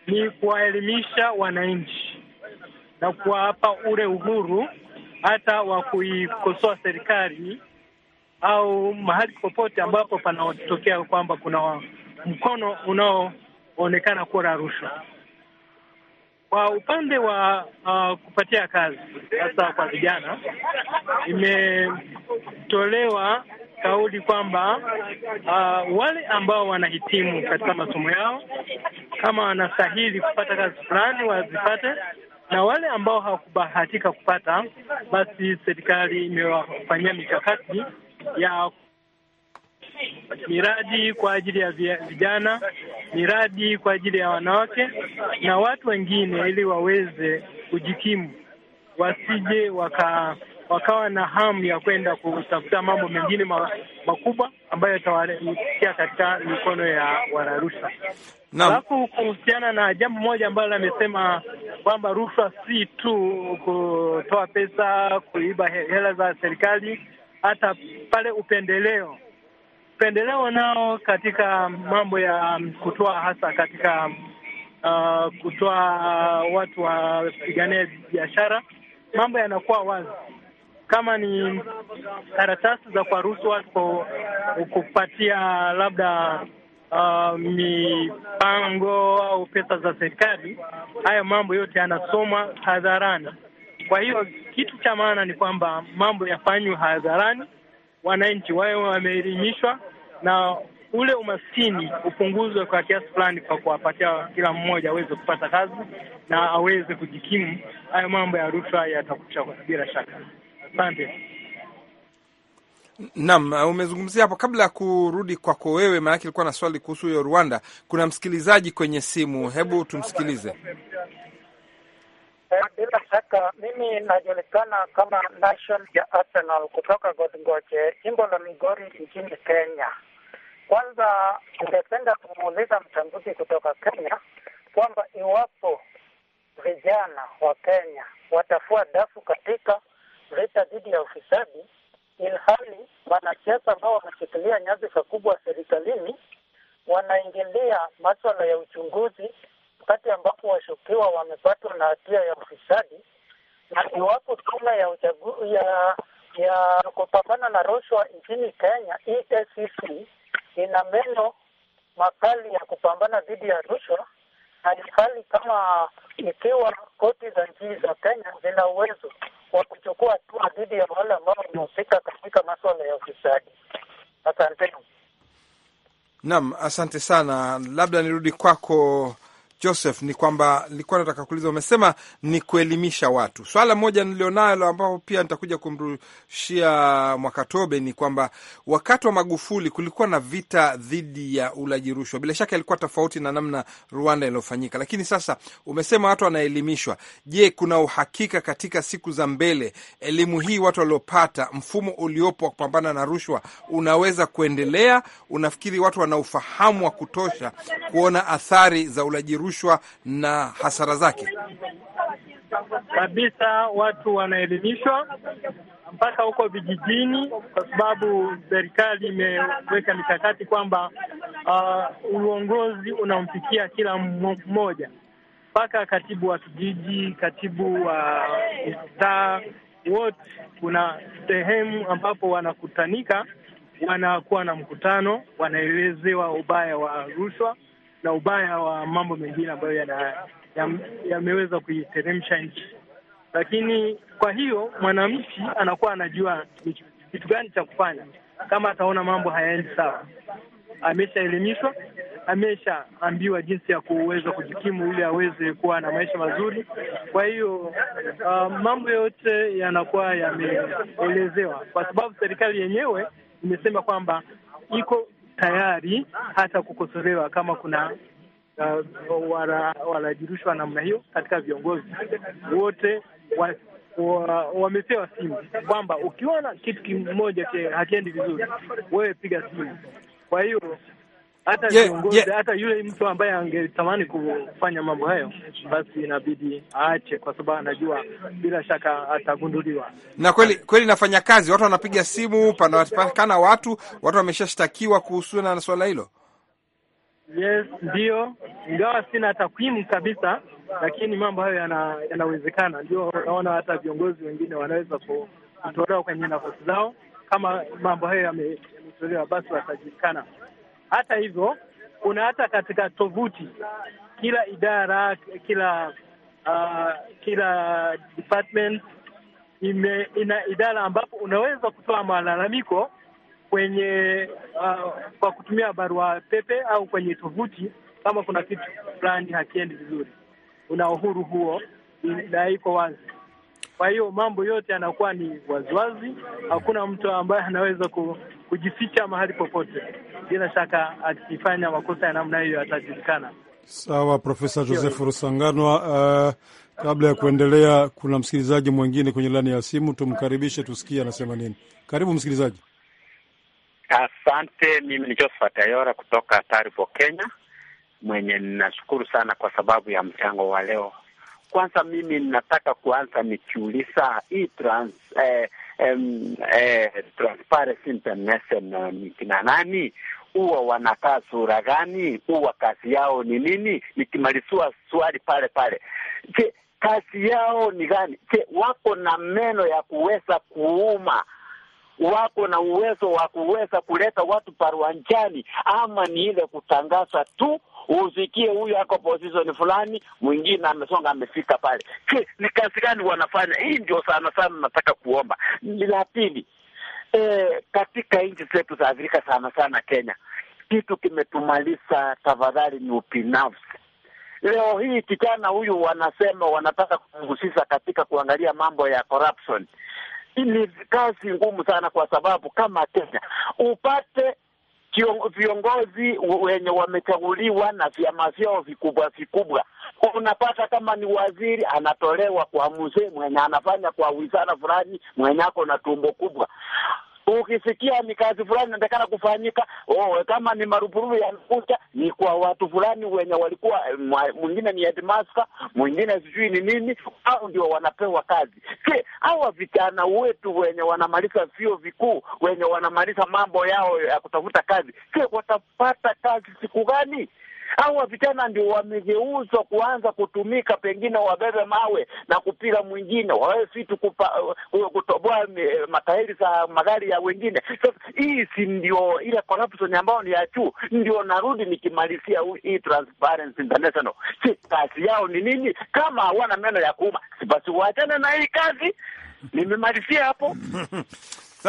ni kuwaelimisha wananchi na kuwapa ule uhuru hata wa kuikosoa serikali au mahali popote ambapo panatokea kwamba kuna mkono unaoonekana kuwa rushwa. Kwa upande wa uh, kupatia kazi hasa kwa vijana, imetolewa kauli kwamba uh, wale ambao wanahitimu katika masomo yao kama wanastahili kupata kazi fulani wazipate, na wale ambao hawakubahatika kupata, basi serikali imewafanyia mikakati ya miradi kwa ajili ya vijana, miradi kwa ajili ya wanawake na watu wengine, ili waweze kujikimu, wasije waka wakawa na hamu ya kwenda kutafuta mambo mengine makubwa ambayo yatawatia katika mikono ya Wanarushwa. Alafu kuhusiana na jambo moja ambalo amesema kwamba rushwa si tu kutoa pesa, kuiba hela za serikali, hata pale upendeleo upendeleo nao katika mambo ya kutoa hasa katika uh, kutoa watu wapigania biashara, mambo yanakuwa wazi kama ni karatasi za kuwaruhusu watu kupatia labda uh, mipango au pesa za serikali, haya mambo yote yanasomwa hadharani. Kwa hiyo kitu cha maana ni kwamba mambo yafanywe hadharani, wananchi wawe wameelimishwa na ule umaskini upunguzwe kwa kiasi fulani, kwa kuwapatia kila mmoja aweze kupata kazi na aweze kujikimu. Hayo mambo ya rushwa yatakusha bila shaka. Asante. Naam, uh, umezungumzia hapo kabla ya kurudi kwako wewe, maanake ilikuwa na swali kuhusu hiyo Rwanda. Kuna msikilizaji kwenye simu, hebu tumsikilize. Eh, bila shaka mimi najulikana kama Nation ya Arsenal kutoka Godngoje, jimbo la Migori nchini Kenya. Kwanza ningependa kumuuliza mchambuzi kutoka Kenya kwamba iwapo vijana wa Kenya watafua dafu katika vita dhidi ya ufisadi, ilhali wanasiasa ambao wanashikilia nyadhifa kubwa serikalini wanaingilia maswala ya uchunguzi wakati ambapo washukiwa wamepatwa na hatia ya ufisadi, na iwapo tume ya uchaguzi ya ya kupambana na rushwa nchini Kenya EACC e ina meno makali ya kupambana dhidi ya rushwa, na hali kama ikiwa koti za nchi za Kenya zina uwezo wa kuchukua hatua dhidi ya wale ambao wamehusika katika maswala ya ufisadi. Asanteni. Naam, asante sana. Labda nirudi kwako Joseph, ni kwamba nilikuwa nataka kuuliza, umesema ni kuelimisha watu. Swala moja nilionalo ambapo pia nitakuja kumrushia Mwakatobe ni kwamba wakati wa Magufuli kulikuwa na vita dhidi ya ulaji rushwa, bila shaka ilikuwa tofauti na namna Rwanda iliyofanyika, lakini sasa umesema watu wanaelimishwa. Je, kuna uhakika katika siku za mbele elimu hii watu waliopata, mfumo uliopo wa kupambana na rushwa unaweza kuendelea? Unafikiri watu wana ufahamu wa kutosha kuona athari za ulaji rushwa rushwa na hasara zake? Kabisa, watu wanaelimishwa mpaka huko vijijini, kwa sababu serikali imeweka mikakati kwamba uh, uongozi unamfikia kila mmoja, mpaka katibu wa kijiji, katibu wa uh, mtaa, wote. Kuna sehemu ambapo wanakutanika, wanakuwa na mkutano, wanaelezewa ubaya wa rushwa na ubaya wa mambo mengine ambayo yameweza ya, ya kuiteremsha nchi. Lakini kwa hiyo mwananchi anakuwa anajua kitu gani cha kufanya kama ataona mambo hayaendi sawa. Ameshaelimishwa, ameshaambiwa jinsi ya kuweza kujikimu ili aweze kuwa na maisha mazuri. Kwa hiyo uh, mambo yote yanakuwa yameelezewa, kwa sababu serikali yenyewe imesema kwamba iko tayari hata kukosolewa kama kuna uh, wanajirushwa namna hiyo katika viongozi wote wa, wa, wamepewa simu kwamba ukiona kitu kimoja hakiendi vizuri, wewe piga simu. Kwa hiyo hata viongozi yeah, yeah. Hata yule mtu ambaye angetamani kufanya mambo hayo, basi inabidi aache, kwa sababu anajua bila shaka atagunduliwa. Na kweli kweli nafanya kazi, watu wanapiga simu, panapatikana watu, watu wameshashtakiwa kuhusiana na swala hilo. Yes, ndio, ingawa sina takwimu kabisa, lakini mambo hayo yanawezekana. Yana ndio unaona hata viongozi wengine wanaweza kutolewa kwenye nafasi zao, kama mambo hayo yametolewa, basi watajulikana. Hata hivyo, kuna hata katika tovuti, kila idara, kila uh, kila department ime, ina idara ambapo unaweza kutoa malalamiko kwenye uh, kwa kutumia barua pepe au kwenye tovuti, kama kuna kitu fulani hakiendi vizuri, una uhuru huo na iko wazi. Kwa hiyo mambo yote yanakuwa ni waziwazi, hakuna mtu ambaye anaweza kujificha mahali popote. Bila shaka akifanya makosa ya namna hiyo atajulikana. Sawa, Profesa Joseph Rusanganwa. Uh, kabla ya kuendelea, kuna msikilizaji mwingine kwenye laini ya simu, tumkaribishe tusikie anasema nini. Karibu msikilizaji. Asante, mimi ni Josephat Ayora kutoka Taribo, Kenya, mwenye ninashukuru sana kwa sababu ya mchango wa leo. Kwanza mimi ninataka kuanza nikiuliza hii trans, eh, em, eh, Transparency International ni kina nani? Huwa wanakaa sura gani? Huwa kazi yao ni nini? Nikimalizua swali pale pale, je, kazi yao ni gani? Je, wako na meno ya kuweza kuuma wako na uwezo wa kuweza kuleta watu paruanjani, ama ni ile kutangaza tu usikie huyu ako position fulani, mwingine amesonga amefika pale. Ni kazi gani wanafanya? Hii ndio sana sana nataka kuomba. La pili, e, katika nchi zetu za Afrika sana sana Kenya, kitu kimetumaliza tafadhali ni ubinafsi. Leo hii kijana huyu wanasema wanataka kumhusisha katika kuangalia mambo ya corruption ni kazi ngumu sana, kwa sababu kama Kenya upate viongozi wenye wamechaguliwa na vyama vyao vikubwa vikubwa, unapata kama ni waziri anatolewa kwa mzee mwenye anafanya kwa wizara fulani, mwenye ako na tumbo kubwa ukisikia ni kazi fulani inatakana kufanyika, oh, kama ni marupurupu yanakuja ni kwa watu fulani wenye walikuwa eh, mwingine ni headmaster, mwingine sijui ni nini, au ndio wanapewa kazi. Je, hawa vijana wetu wenye wanamaliza vyuo vikuu wenye wanamaliza mambo yao ya kutafuta kazi, je, watapata kazi siku gani? au vijana ndio wamegeuzwa kuanza kutumika, pengine wabebe mawe na kupiga mwingine, wawe vitu uh, kutoboa eh, matairi za magari ya wengine. Sasa hii si ndio ile corruption ambayo ni ya juu? Ndio narudi nikimalizia hii Transparency International, si kazi yao ni nini? Kama hawana meno ya kuuma, si basi waachane na hii kazi. Nimemalizia hapo.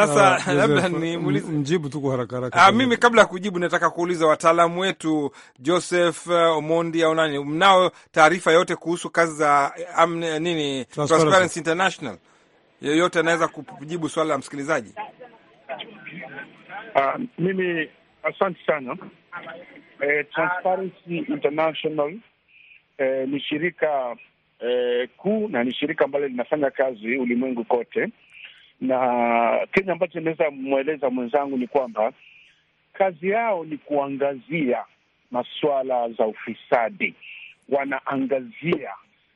Sasa labda nimuulize, mjibu tu kwa haraka haraka. Ah, mimi kabla ya kujibu, nataka kuuliza wataalamu wetu Joseph uh, Omondi au nani, mnao taarifa yote kuhusu kazi za uh, uh, nini Transparency International? yoyote anaweza kujibu swala la msikilizaji. Uh, mimi asante sana eh, Transparency International eh, ni shirika eh, kuu na ni shirika ambalo linafanya kazi ulimwengu kote na Kenya, ambacho inaweza mweleza mwenzangu ni kwamba kazi yao ni kuangazia masuala za ufisadi, wanaangazia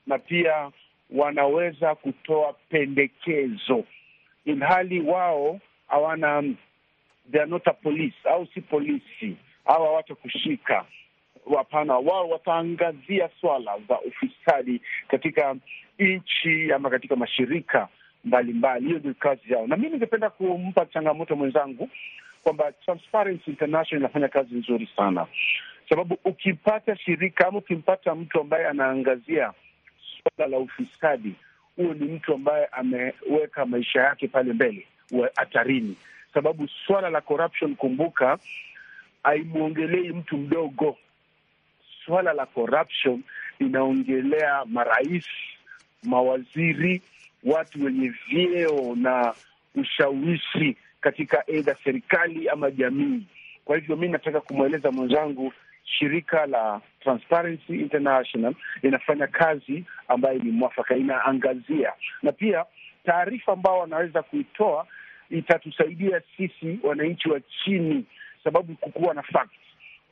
na pia wanaweza kutoa pendekezo, ilhali wao hawana theanota au si polisi au kushika Hapana, wao wataangazia swala za ufisadi katika nchi ama katika mashirika mbalimbali. Hiyo ndio kazi yao, na mi ningependa kumpa changamoto mwenzangu kwamba Transparency International inafanya kazi nzuri sana, sababu ukipata shirika ama ukimpata mtu ambaye anaangazia suala la ufisadi, huyo ni mtu ambaye ameweka maisha yake pale mbele hatarini, sababu swala la corruption, kumbuka, haimwongelei mtu mdogo. Swala la corruption inaongelea marais, mawaziri watu wenye vyeo na ushawishi katika aidha serikali ama jamii. Kwa hivyo mi nataka kumweleza mwenzangu, shirika la Transparency International inafanya kazi ambayo ni mwafaka, inaangazia na pia taarifa ambao wanaweza kuitoa itatusaidia sisi wananchi wa chini, sababu kukuwa na facts.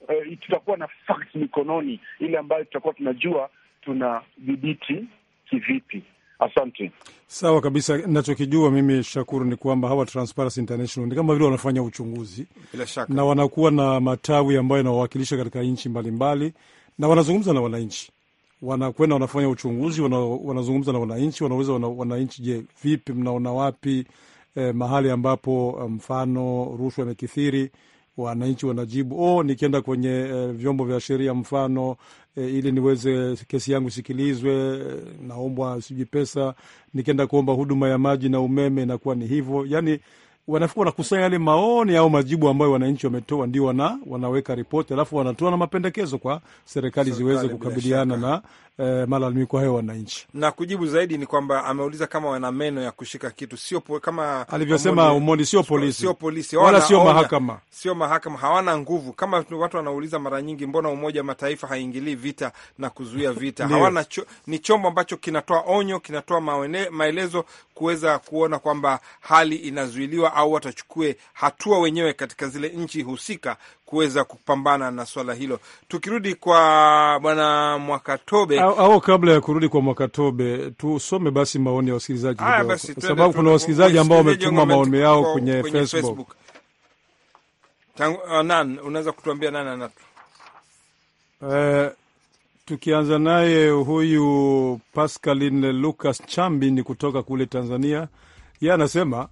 Uh, tutakuwa na facts mikononi, ile ambayo tutakuwa tunajua tuna dhibiti kivipi. Asante. Sawa kabisa. Nachokijua mimi Shakuru ni kwamba hawa Transparency International ni kama vile wanafanya uchunguzi, bila shaka, na wanakuwa na matawi ambayo yanawawakilisha katika nchi mbalimbali, na wanazungumza na wananchi, wanakwenda wanafanya uchunguzi, wana, wanazungumza na wananchi, wanauliza wananchi, je, vipi mnaona wapi eh, mahali ambapo eh, mfano rushwa imekithiri wananchi wanajibu, oh, nikienda kwenye eh, vyombo vya sheria mfano e, ili niweze kesi yangu sikilizwe, eh, naombwa sijui pesa, nikienda kuomba huduma ya maji na umeme inakuwa ni hivyo. Yani wanafika wanakusanya yale maoni au majibu ambayo wananchi wametoa, ndio wana, wanaweka ripoti alafu wanatoa na mapendekezo kwa serikali ziweze kukabiliana na eh, malalamiko hayo wananchi. Na kujibu zaidi ni kwamba ameuliza kama wana meno ya kushika kitu, sio kama alivyosema Umoni, sio polisi, sio polisi wala sio mahakama, sio mahakama, hawana nguvu kama watu wanauliza mara nyingi, mbona Umoja Mataifa haingilii vita na kuzuia vita? hawana cho, ni chombo ambacho kinatoa onyo, kinatoa maelezo kuweza kuona kwamba hali inazuiliwa au watachukue hatua wenyewe katika zile nchi husika kuweza kupambana na swala hilo. Tukirudi kwa bwana Mwakatobe au kabla ya kurudi kwa Mwakatobe, tusome basi maoni ya wasikilizaji, kwa sababu kuna wasikilizaji ambao wametuma maoni yao kwenye Facebook. Uh, unaweza kutuambia nani anatu eh, Tukianza naye huyu Pascaline Lucas Chambi ni kutoka kule Tanzania. Yeye anasema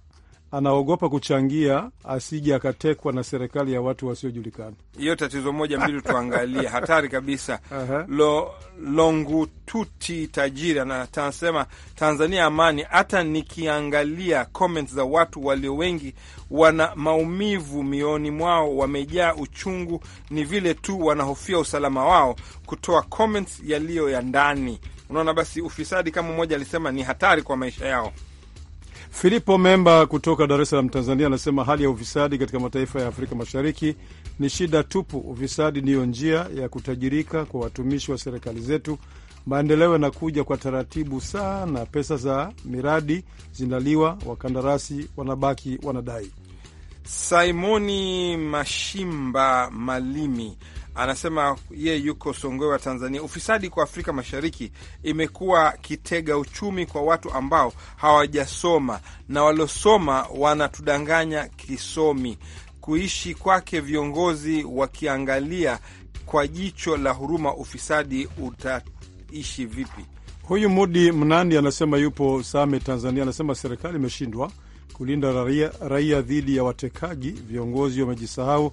anaogopa kuchangia asije akatekwa na serikali ya watu wasiojulikana. Hiyo tatizo moja mbili, tuangalie hatari kabisa. uh -huh. Lo, Longututi Tajiri anasema Tanzania amani. Hata nikiangalia comments za watu walio wengi, wana maumivu mioni mwao, wamejaa uchungu, ni vile tu wanahofia usalama wao kutoa comments yaliyo ya ndani. Unaona, basi ufisadi kama mmoja alisema ni hatari kwa maisha yao. Filipo Memba kutoka Dar es Salaam, Tanzania, anasema hali ya ufisadi katika mataifa ya Afrika Mashariki ni shida tupu. Ufisadi ndiyo njia ya kutajirika kwa watumishi wa serikali zetu. Maendeleo yanakuja kwa taratibu sana, pesa za miradi zinaliwa, wakandarasi wanabaki wanadai. Simoni Mashimba Malimi anasema ye yuko wa Tanzania. Ufisadi kwa Afrika Mashariki imekuwa kitega uchumi kwa watu ambao hawajasoma na waliosoma wanatudanganya kisomi. Kuishi kwake viongozi wakiangalia kwa jicho la huruma, ufisadi utaishi vipi? Huyu Mudi Mnandi anasema yupo Same, Tanzania, anasema serikali imeshindwa kulinda raia dhidi ya watekaji, viongozi wamejisahau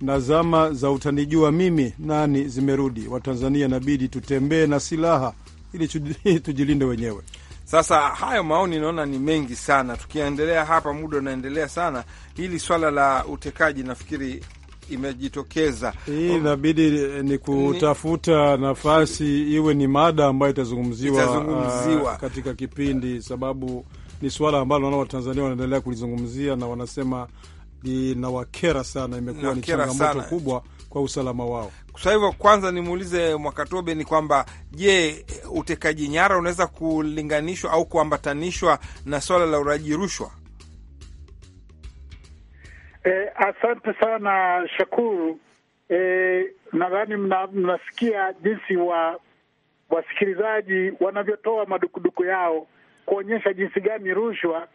na zama za utanijua mimi nani zimerudi. Watanzania inabidi tutembee na silaha ili tujilinde wenyewe. Sasa hayo maoni naona ni mengi sana. Tukiendelea hapa, muda unaendelea sana. Hili swala la utekaji nafikiri imejitokeza hii, inabidi eh, ni kutafuta nafasi iwe ni mada ambayo itazungumziwa, itazungumziwa. Uh, katika kipindi sababu ni swala ambalo naona Watanzania wanaendelea kulizungumzia na wanasema inawakera sana, imekuwa ni changamoto kubwa kwa usalama wao. Kwa hivyo kwanza nimuulize Mwakatobe ni kwamba je, utekaji nyara unaweza kulinganishwa au kuambatanishwa na swala la uraji rushwa? E, asante sana Shakuru. E, nadhani mna, mnasikia jinsi wa wasikilizaji wanavyotoa madukuduku yao kuonyesha jinsi gani rushwa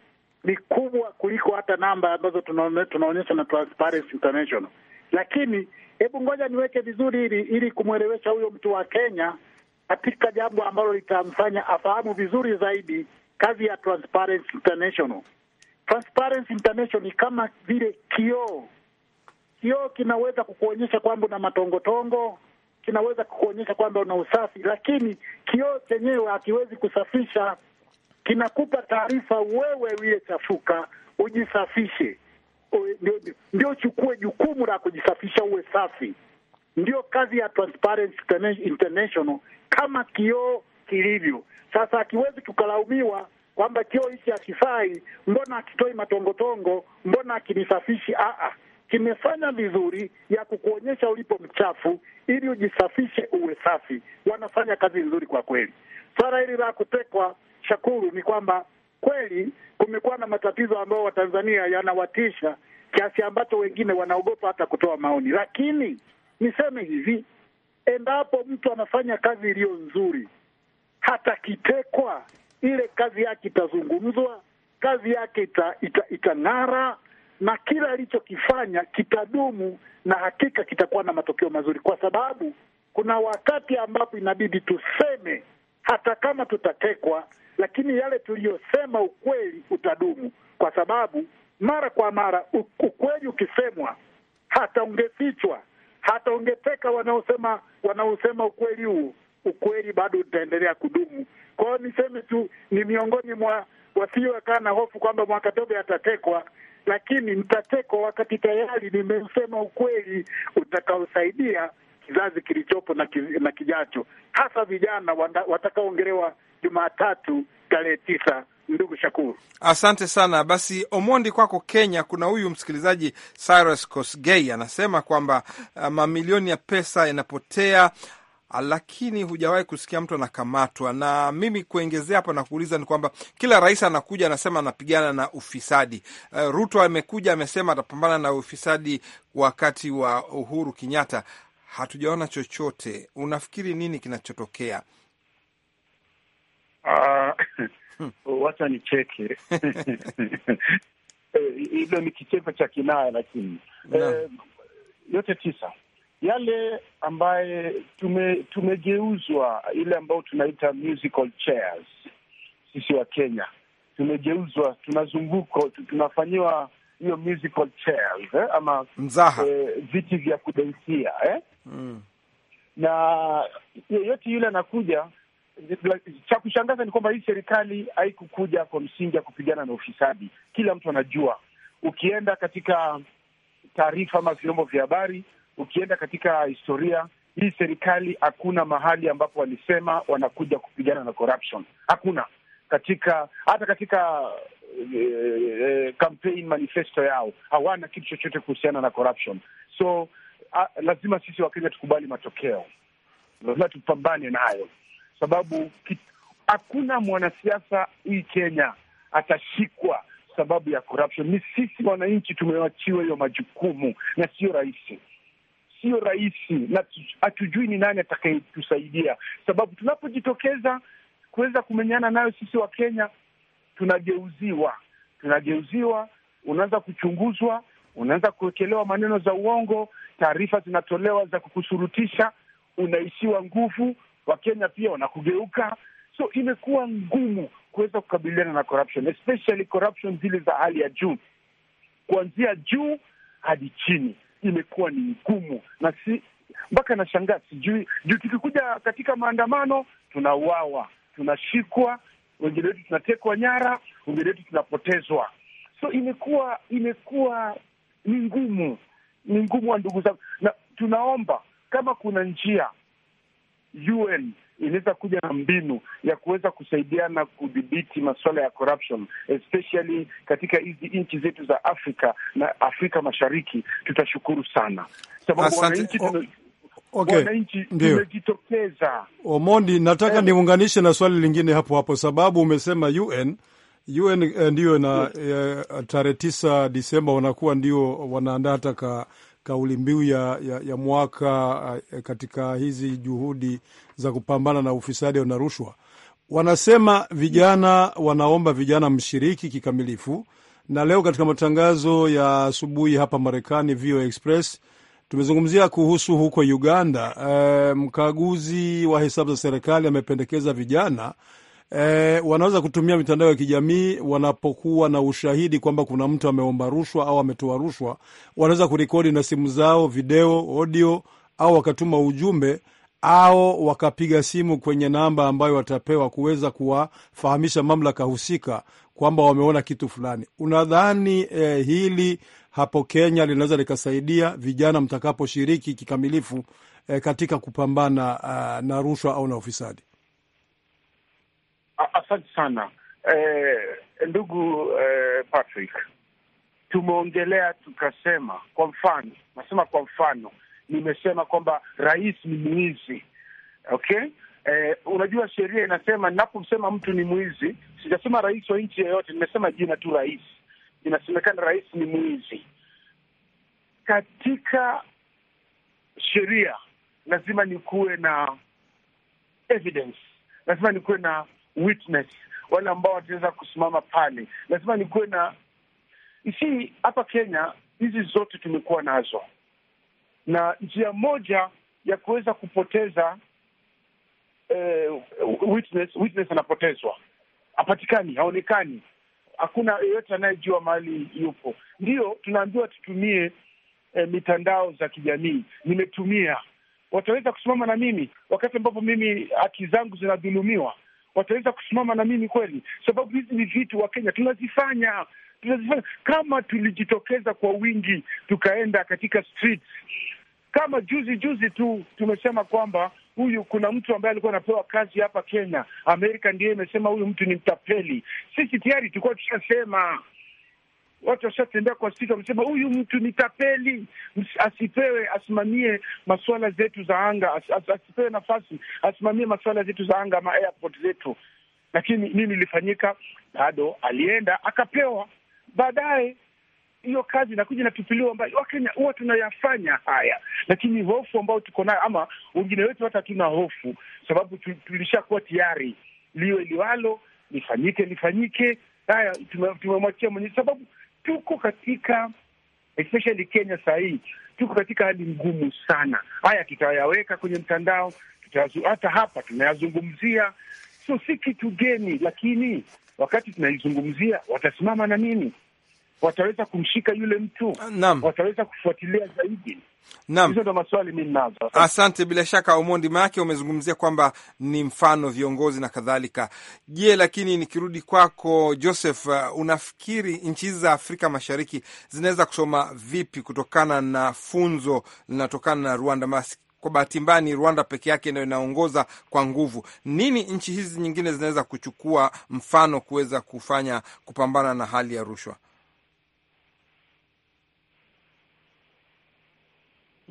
ni kubwa kuliko hata namba ambazo tunaonyesha na Transparency International. Lakini hebu ngoja niweke vizuri ili ili kumwelewesha huyo mtu wa Kenya katika jambo ambalo litamfanya afahamu vizuri zaidi kazi ya Transparency International. Transparency International ni kama vile kioo. Kioo kinaweza kukuonyesha kwamba una matongotongo, kinaweza kukuonyesha kwamba una usafi, lakini kioo chenyewe hakiwezi kusafisha kinakupa taarifa wewe uliyechafuka ujisafishe, ndio uchukue jukumu la kujisafisha, uwe safi. Ndio kazi ya Transparency International kama kioo kilivyo. Sasa akiwezi tukalaumiwa kwamba kioo hichi akifai, mbona akitoi matongotongo, mbona akinisafishi? Aa, kimefanya vizuri ya kukuonyesha ulipo mchafu ili ujisafishe uwe safi. Wanafanya kazi nzuri kwa kweli. Swala hili la kutekwa shakuru ni kwamba kweli kumekuwa na matatizo ambayo Watanzania yanawatisha kiasi ambacho wengine wanaogopa hata kutoa maoni, lakini niseme hivi, endapo mtu anafanya kazi iliyo nzuri, hata kitekwa, ile kazi yake itazungumzwa, kazi yake itang'ara, ita, ita na kila alichokifanya kitadumu na hakika kitakuwa na matokeo mazuri, kwa sababu kuna wakati ambapo inabidi tuseme hata kama tutatekwa lakini yale tuliyosema ukweli utadumu, kwa sababu mara kwa mara ukweli ukisemwa, hata ungefichwa, hata ungeteka wanaosema wanaosema ukweli huu, ukweli bado utaendelea kudumu. Kwa hiyo niseme tu, ni miongoni mwa wasiowakaa na hofu kwamba Mwakatobe atatekwa, lakini nitatekwa wakati tayari nimeusema ukweli utakaosaidia kizazi kilichopo na, na kijacho, hasa vijana watakaongelewa Jumatatu tarehe tisa. Ndugu Shakuru, asante sana. Basi Omondi, kwako Kenya. Kuna huyu msikilizaji Cyrus Kosgei anasema kwamba eh, mamilioni ya pesa yanapotea lakini hujawahi kusikia mtu anakamatwa. Na mimi kuengezea hapa na kuuliza ni kwamba kila rais anakuja anasema anapigana na ufisadi. Uh, Ruto amekuja amesema atapambana na ufisadi wakati wa Uhuru Kenyatta, hatujaona chochote. Unafikiri nini kinachotokea? Uh, wacha nicheke eh, hilo ni kicheko cha kinaya, lakini eh, yote tisa yale ambaye tume, tumegeuzwa ile ambayo tunaita musical chairs. Sisi wa Kenya tumegeuzwa, tunazunguko, tunafanyiwa hiyo musical chairs eh, ama eh, viti vya kudensia eh? Mm. Na yeyote yule anakuja cha kushangaza ni kwamba hii serikali haikukuja kwa msingi ya kupigana na ufisadi. Kila mtu anajua, ukienda katika taarifa ama vyombo vya habari, ukienda katika historia hii serikali hakuna mahali ambapo walisema wanakuja kupigana na corruption. Hakuna katika hata katika e, e, campaign manifesto yao hawana kitu chochote kuhusiana na corruption. So a, ah, lazima sisi Wakenya tukubali matokeo, lazima tupambane nayo na sababu hakuna mwanasiasa hii Kenya atashikwa sababu ya corruption. Ni sisi wananchi tumewachiwa hiyo majukumu, na sio rahisi, sio rahisi, na hatujui ni nani atakayetusaidia, sababu tunapojitokeza kuweza kumenyana nayo sisi wa Kenya tunageuziwa, tunageuziwa, unaanza kuchunguzwa, unaanza kuwekelewa maneno za uongo, taarifa zinatolewa za kukushurutisha, unaishiwa nguvu, Wakenya pia wanakugeuka, so imekuwa ngumu kuweza kukabiliana na corruption, especially corruption zile za hali ya juu, kuanzia juu hadi chini, imekuwa ni ngumu na si mpaka nashangaa, sijui juu. Tukikuja katika maandamano, tunauawa, tunashikwa, wengine wetu tunatekwa nyara, wengine wetu tunapotezwa. So imekuwa imekuwa ni ngumu, ni ngumu wa ndugu zangu, na tunaomba kama kuna njia UN inaweza kuja na mbinu ya kuweza kusaidiana kudhibiti masuala ya corruption especially katika hizi nchi zetu za Afrika na Afrika Mashariki, tutashukuru sana sababu wananchi Okay. Omondi, nataka eh, niunganishe na swali lingine hapo hapo, sababu umesema UN UN eh, ndiyo na eh, tarehe tisa Disemba wanakuwa ndio wanaandaa taka kauli mbiu ya, ya, ya mwaka eh, katika hizi juhudi za kupambana na ufisadi na rushwa. Wanasema vijana wanaomba vijana mshiriki kikamilifu. Na leo katika matangazo ya asubuhi hapa Marekani, VOA Express, tumezungumzia kuhusu huko Uganda. E, mkaguzi wa hesabu za serikali amependekeza vijana E, wanaweza kutumia mitandao ya kijamii wanapokuwa na ushahidi kwamba kuna mtu ameomba rushwa au ametoa rushwa. Wanaweza kurekodi na simu zao video, audio au wakatuma ujumbe au wakapiga simu kwenye namba ambayo watapewa kuweza kuwafahamisha mamlaka husika kwamba wameona kitu fulani. Unadhani e, hili hapo Kenya linaweza likasaidia vijana mtakaposhiriki kikamilifu e, katika kupambana a, ah, na rushwa au na ufisadi? asante sana eh, ndugu eh, Patrick, tumeongelea tukasema, kwa mfano nasema kwa mfano, nimesema kwamba rais ni mwizi okay. Eh, unajua sheria inasema, ninapomsema mtu ni mwizi, sijasema rais wa nchi yeyote, nimesema jina tu rais. Inasemekana rais ni mwizi katika sheria, lazima nikuwe na evidence, lazima nikuwe na witness, wale ambao wataweza kusimama pale. Lazima nikuwe na si hapa Kenya, hizi zote tumekuwa nazo, na njia moja ya kuweza kupoteza eh, witness, witness anapotezwa, hapatikani, haonekani, hakuna yeyote anayejua mahali yupo. Ndio tunaambiwa tutumie eh, mitandao za kijamii. Nimetumia, wataweza kusimama na mimi wakati ambapo mimi haki zangu zinadhulumiwa wataweza kusimama na mimi kweli? Sababu hizi ni vitu wa kenya tunazifanya tunazifanya. Kama tulijitokeza kwa wingi tukaenda katika streets, kama juzi juzi tu tumesema kwamba huyu kuna mtu ambaye alikuwa anapewa kazi hapa Kenya, Amerika ndiye imesema huyu mtu ni mtapeli. Sisi tayari tulikuwa tushasema watu washatembea kwa spika, wamesema huyu mtu ni tapeli, asipewe, asimamie masuala zetu za anga, as, as, asipewe nafasi, asimamie masuala zetu za anga, ama airport zetu. Lakini nini ilifanyika? Bado alienda akapewa. Baadaye hiyo kazi inakuja inatupiliwa mbali. Wakenya huwa tunayafanya haya, lakini hofu ambayo tuko nayo ama wengine wetu hata hatuna hofu, sababu tulishakuwa tiyari liwe liwalo, lifanyike lifanyike. Haya, tumemwachia mwenye sababu tuko katika especially Kenya saa hii tuko katika hali ngumu sana. Haya tutayaweka kwenye mtandao, hata hapa tunayazungumzia, so si kitu geni, lakini wakati tunaizungumzia watasimama na nini? Wataweza kumshika yule mtu? Naam, wataweza kufuatilia zaidi. Naam, hizo ndo maswali Asante. Bila shaka Omondi, maanake umezungumzia kwamba ni mfano viongozi na kadhalika. Je, lakini nikirudi kwako Joseph, uh, unafikiri nchi hizi za Afrika Mashariki zinaweza kusoma vipi kutokana na funzo linatokana na Rwanda? Mas kwa bahati mbaya ni Rwanda peke yake ndio inaongoza kwa nguvu. Nini nchi hizi nyingine zinaweza kuchukua mfano kuweza kufanya kupambana na hali ya rushwa?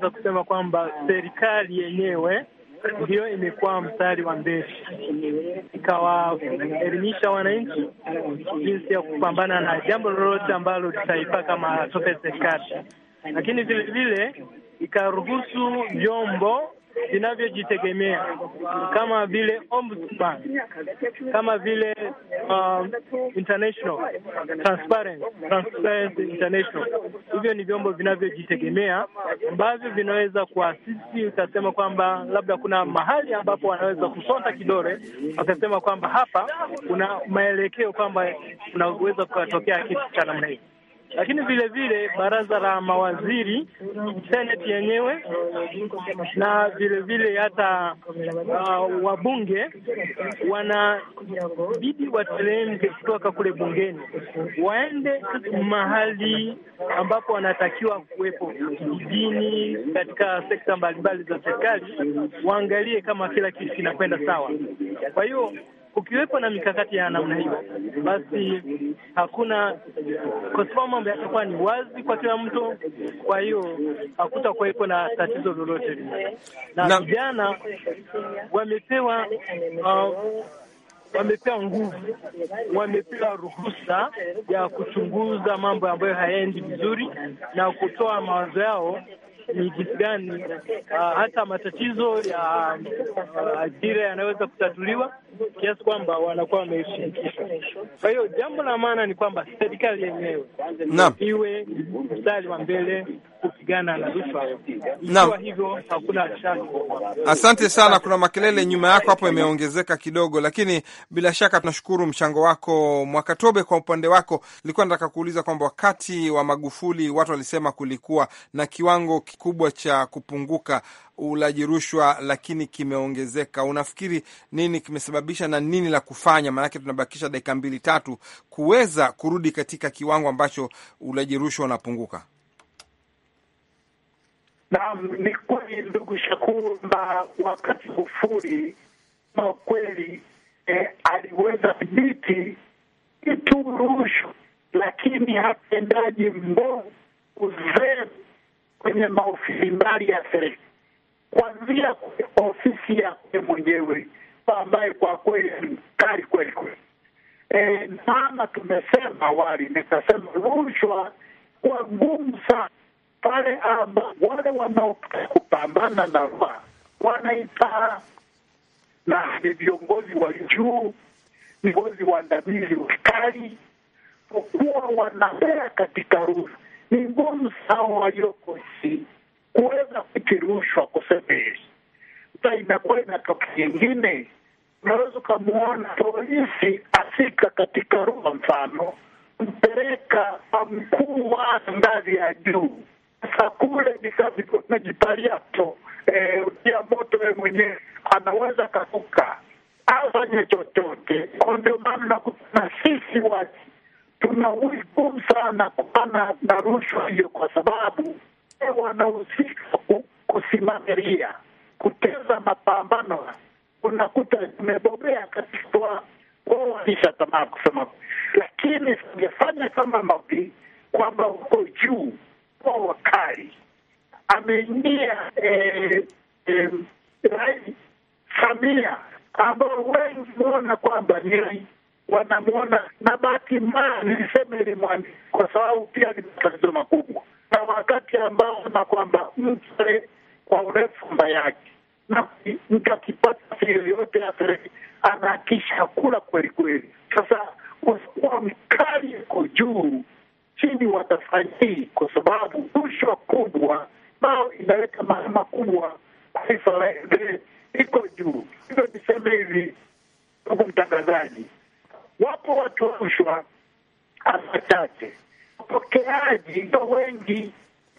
tunaweza kusema kwamba serikali yenyewe ndiyo imekuwa mstari wa mbele, ikawaelimisha wananchi jinsi ya kupambana na jambo lolote ambalo litaipa kama toke serikali, lakini vilevile ikaruhusu vyombo vinavyojitegemea kama vile ombudsman, kama vile um, international transparent transparency international. Hivyo ni vyombo vinavyojitegemea ambavyo vinaweza kuasisi, utasema kwamba labda kuna mahali ambapo wanaweza kusota kidole, wakasema kwamba hapa kuna maelekeo kwamba kunaweza kukatokea kitu cha namna hiyo lakini vile vile baraza la mawaziri, seneti yenyewe na vile vile hata uh, wabunge wanabidi wateremke kutoka kule bungeni waende mahali ambapo wanatakiwa kuwepo jijini, katika sekta mbalimbali za serikali, waangalie kama kila kitu kinakwenda sawa. Kwa hiyo Kukiwepo na mikakati ya namna hiyo, basi hakuna kwa sababu mambo yatakuwa ni wazi kwa kila mtu, kwa hiyo hakutakuwepo na tatizo lolote lile, na vijana wamepewa uh, wamepewa nguvu, wamepewa ruhusa ya kuchunguza mambo ambayo hayaendi vizuri na kutoa mawazo yao ni jinsi gani uh, hata matatizo ya uh, ajira yanaweza kutatuliwa kiasi kwamba wanakuwa wameshirikishwa. Kwa hiyo jambo la maana ni kwamba serikali yenyewe iwe mstari wa mbele kupigana na rushwa. Ikiwa hivyo hakuna shaka. Asante sana. Kuna makelele nyuma yako hapo imeongezeka kidogo, lakini bila shaka tunashukuru mchango wako Mwakatobe. Kwa upande wako, nilikuwa nataka kuuliza kwamba wakati wa Magufuli watu walisema kulikuwa na kiwango kikubwa cha kupunguka ulaji rushwa, lakini kimeongezeka. Unafikiri nini kimesababisha na nini la kufanya? Maanake tunabakisha dakika mbili tatu kuweza kurudi katika kiwango ambacho ulaji rushwa unapunguka. Naam, ni kweli ndugu Shakuramba, wakati Kufuri ma kweli eh, aliweza kudhibiti kitu rushwa, lakini hatendaji mbovu, uzembe kwenye maofisi mbali ya serikali, kwanzia ofisi yake mwenyewe ambaye kwa kweli ni mkali kweli kweli. E, eh, nama tumesema awali, nikasema rushwa kwa ngumu sana pale wale wanaopambana na Rua wanaitaa na ni viongozi wa juu, viongozi waandamizi wakali, kwa kuwa wanapea katika Rua ni ngumu sana walioko chini kuweza kukirushwa kusemeli. Sasa inakuwa inatoka nyingine, unaweza ukamwona polisi afika katika Rua, mfano mpeleka mkuu wa ngazi ya juu sasa kule visa viko vimejipaliato utia eh, moto we mwenyewe anaweza kavuka afanye chochote. Kwa ndio maana nakutana sisi wazi tuna uigumu sana kupana na rushwa hiyo, kwa sababu wanahusika kusimamilia kuteza mapambano. Unakuta umebobea katika wao tamaa kusema, lakini singefanya kama mavi kwamba uko juu mkoa wa ameingia eh, eh, Rais Samia ambao wengi mona kwamba ni wanamwona na bahati mbaya niliseme limwani kwa sababu pia ni matatizo makubwa, na wakati ambao na kwamba msre kwa urefu mba yake na mtu akipata yoyote ya anaakisha kula kweli kweli. Sasa kwa mkali yuko juu chini watafanyii, kwa sababu rushwa kubwa nao inaleta mahama kubwa, taifa iko juu. Hivyo niseme hivi, ndugu mtangazaji, wapo watu wa rushwa amachache, wapokeaji ndo wengi,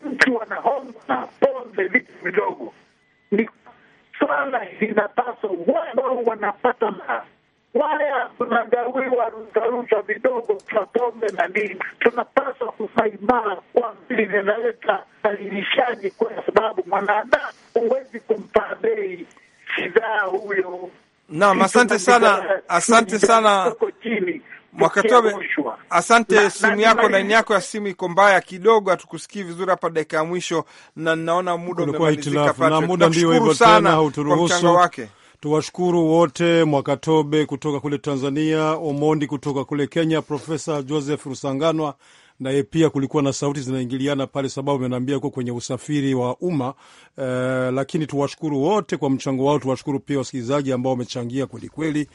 mtu wanahongwa na pombe, vitu vidogo. Ni swala linapaswa wao wanapata maa wale tunagawiwa rusharusha vidogo vya pombe na nini. Tunapaswa kusaimara kwa vile vinaleta dalilishaji, kwa sababu mwanadamu huwezi kumpa bei sidhaa huyo. Naam, asante sana, asante sana Mwakatobe, asante. Simu yako laini yako ya simu iko mbaya kidogo, hatukusikii vizuri hapa dakika ya mwisho, na ninaona muda umemalizika. Patrick, nashukuru sana kwa mchango wake. Tuwashukuru wote, Mwakatobe kutoka kule Tanzania, Omondi kutoka kule Kenya, Profesa Joseph Rusanganwa naye pia kulikuwa na sauti zinaingiliana pale, sababu amenaambia uko kwenye usafiri wa umma e, lakini tuwashukuru wote kwa mchango wao. Tuwashukuru pia wasikilizaji ambao wamechangia kwelikweli.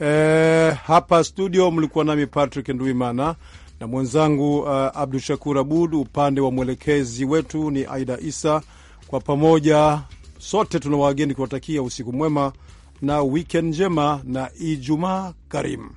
E, eh, hapa studio mlikuwa nami Patrick Nduimana na mwenzangu uh, Abdu Shakur Abud. Upande wa mwelekezi wetu ni Aida Isa. Kwa pamoja Sote tuna wageni kuwatakia usiku mwema na wikend njema na Ijumaa karimu.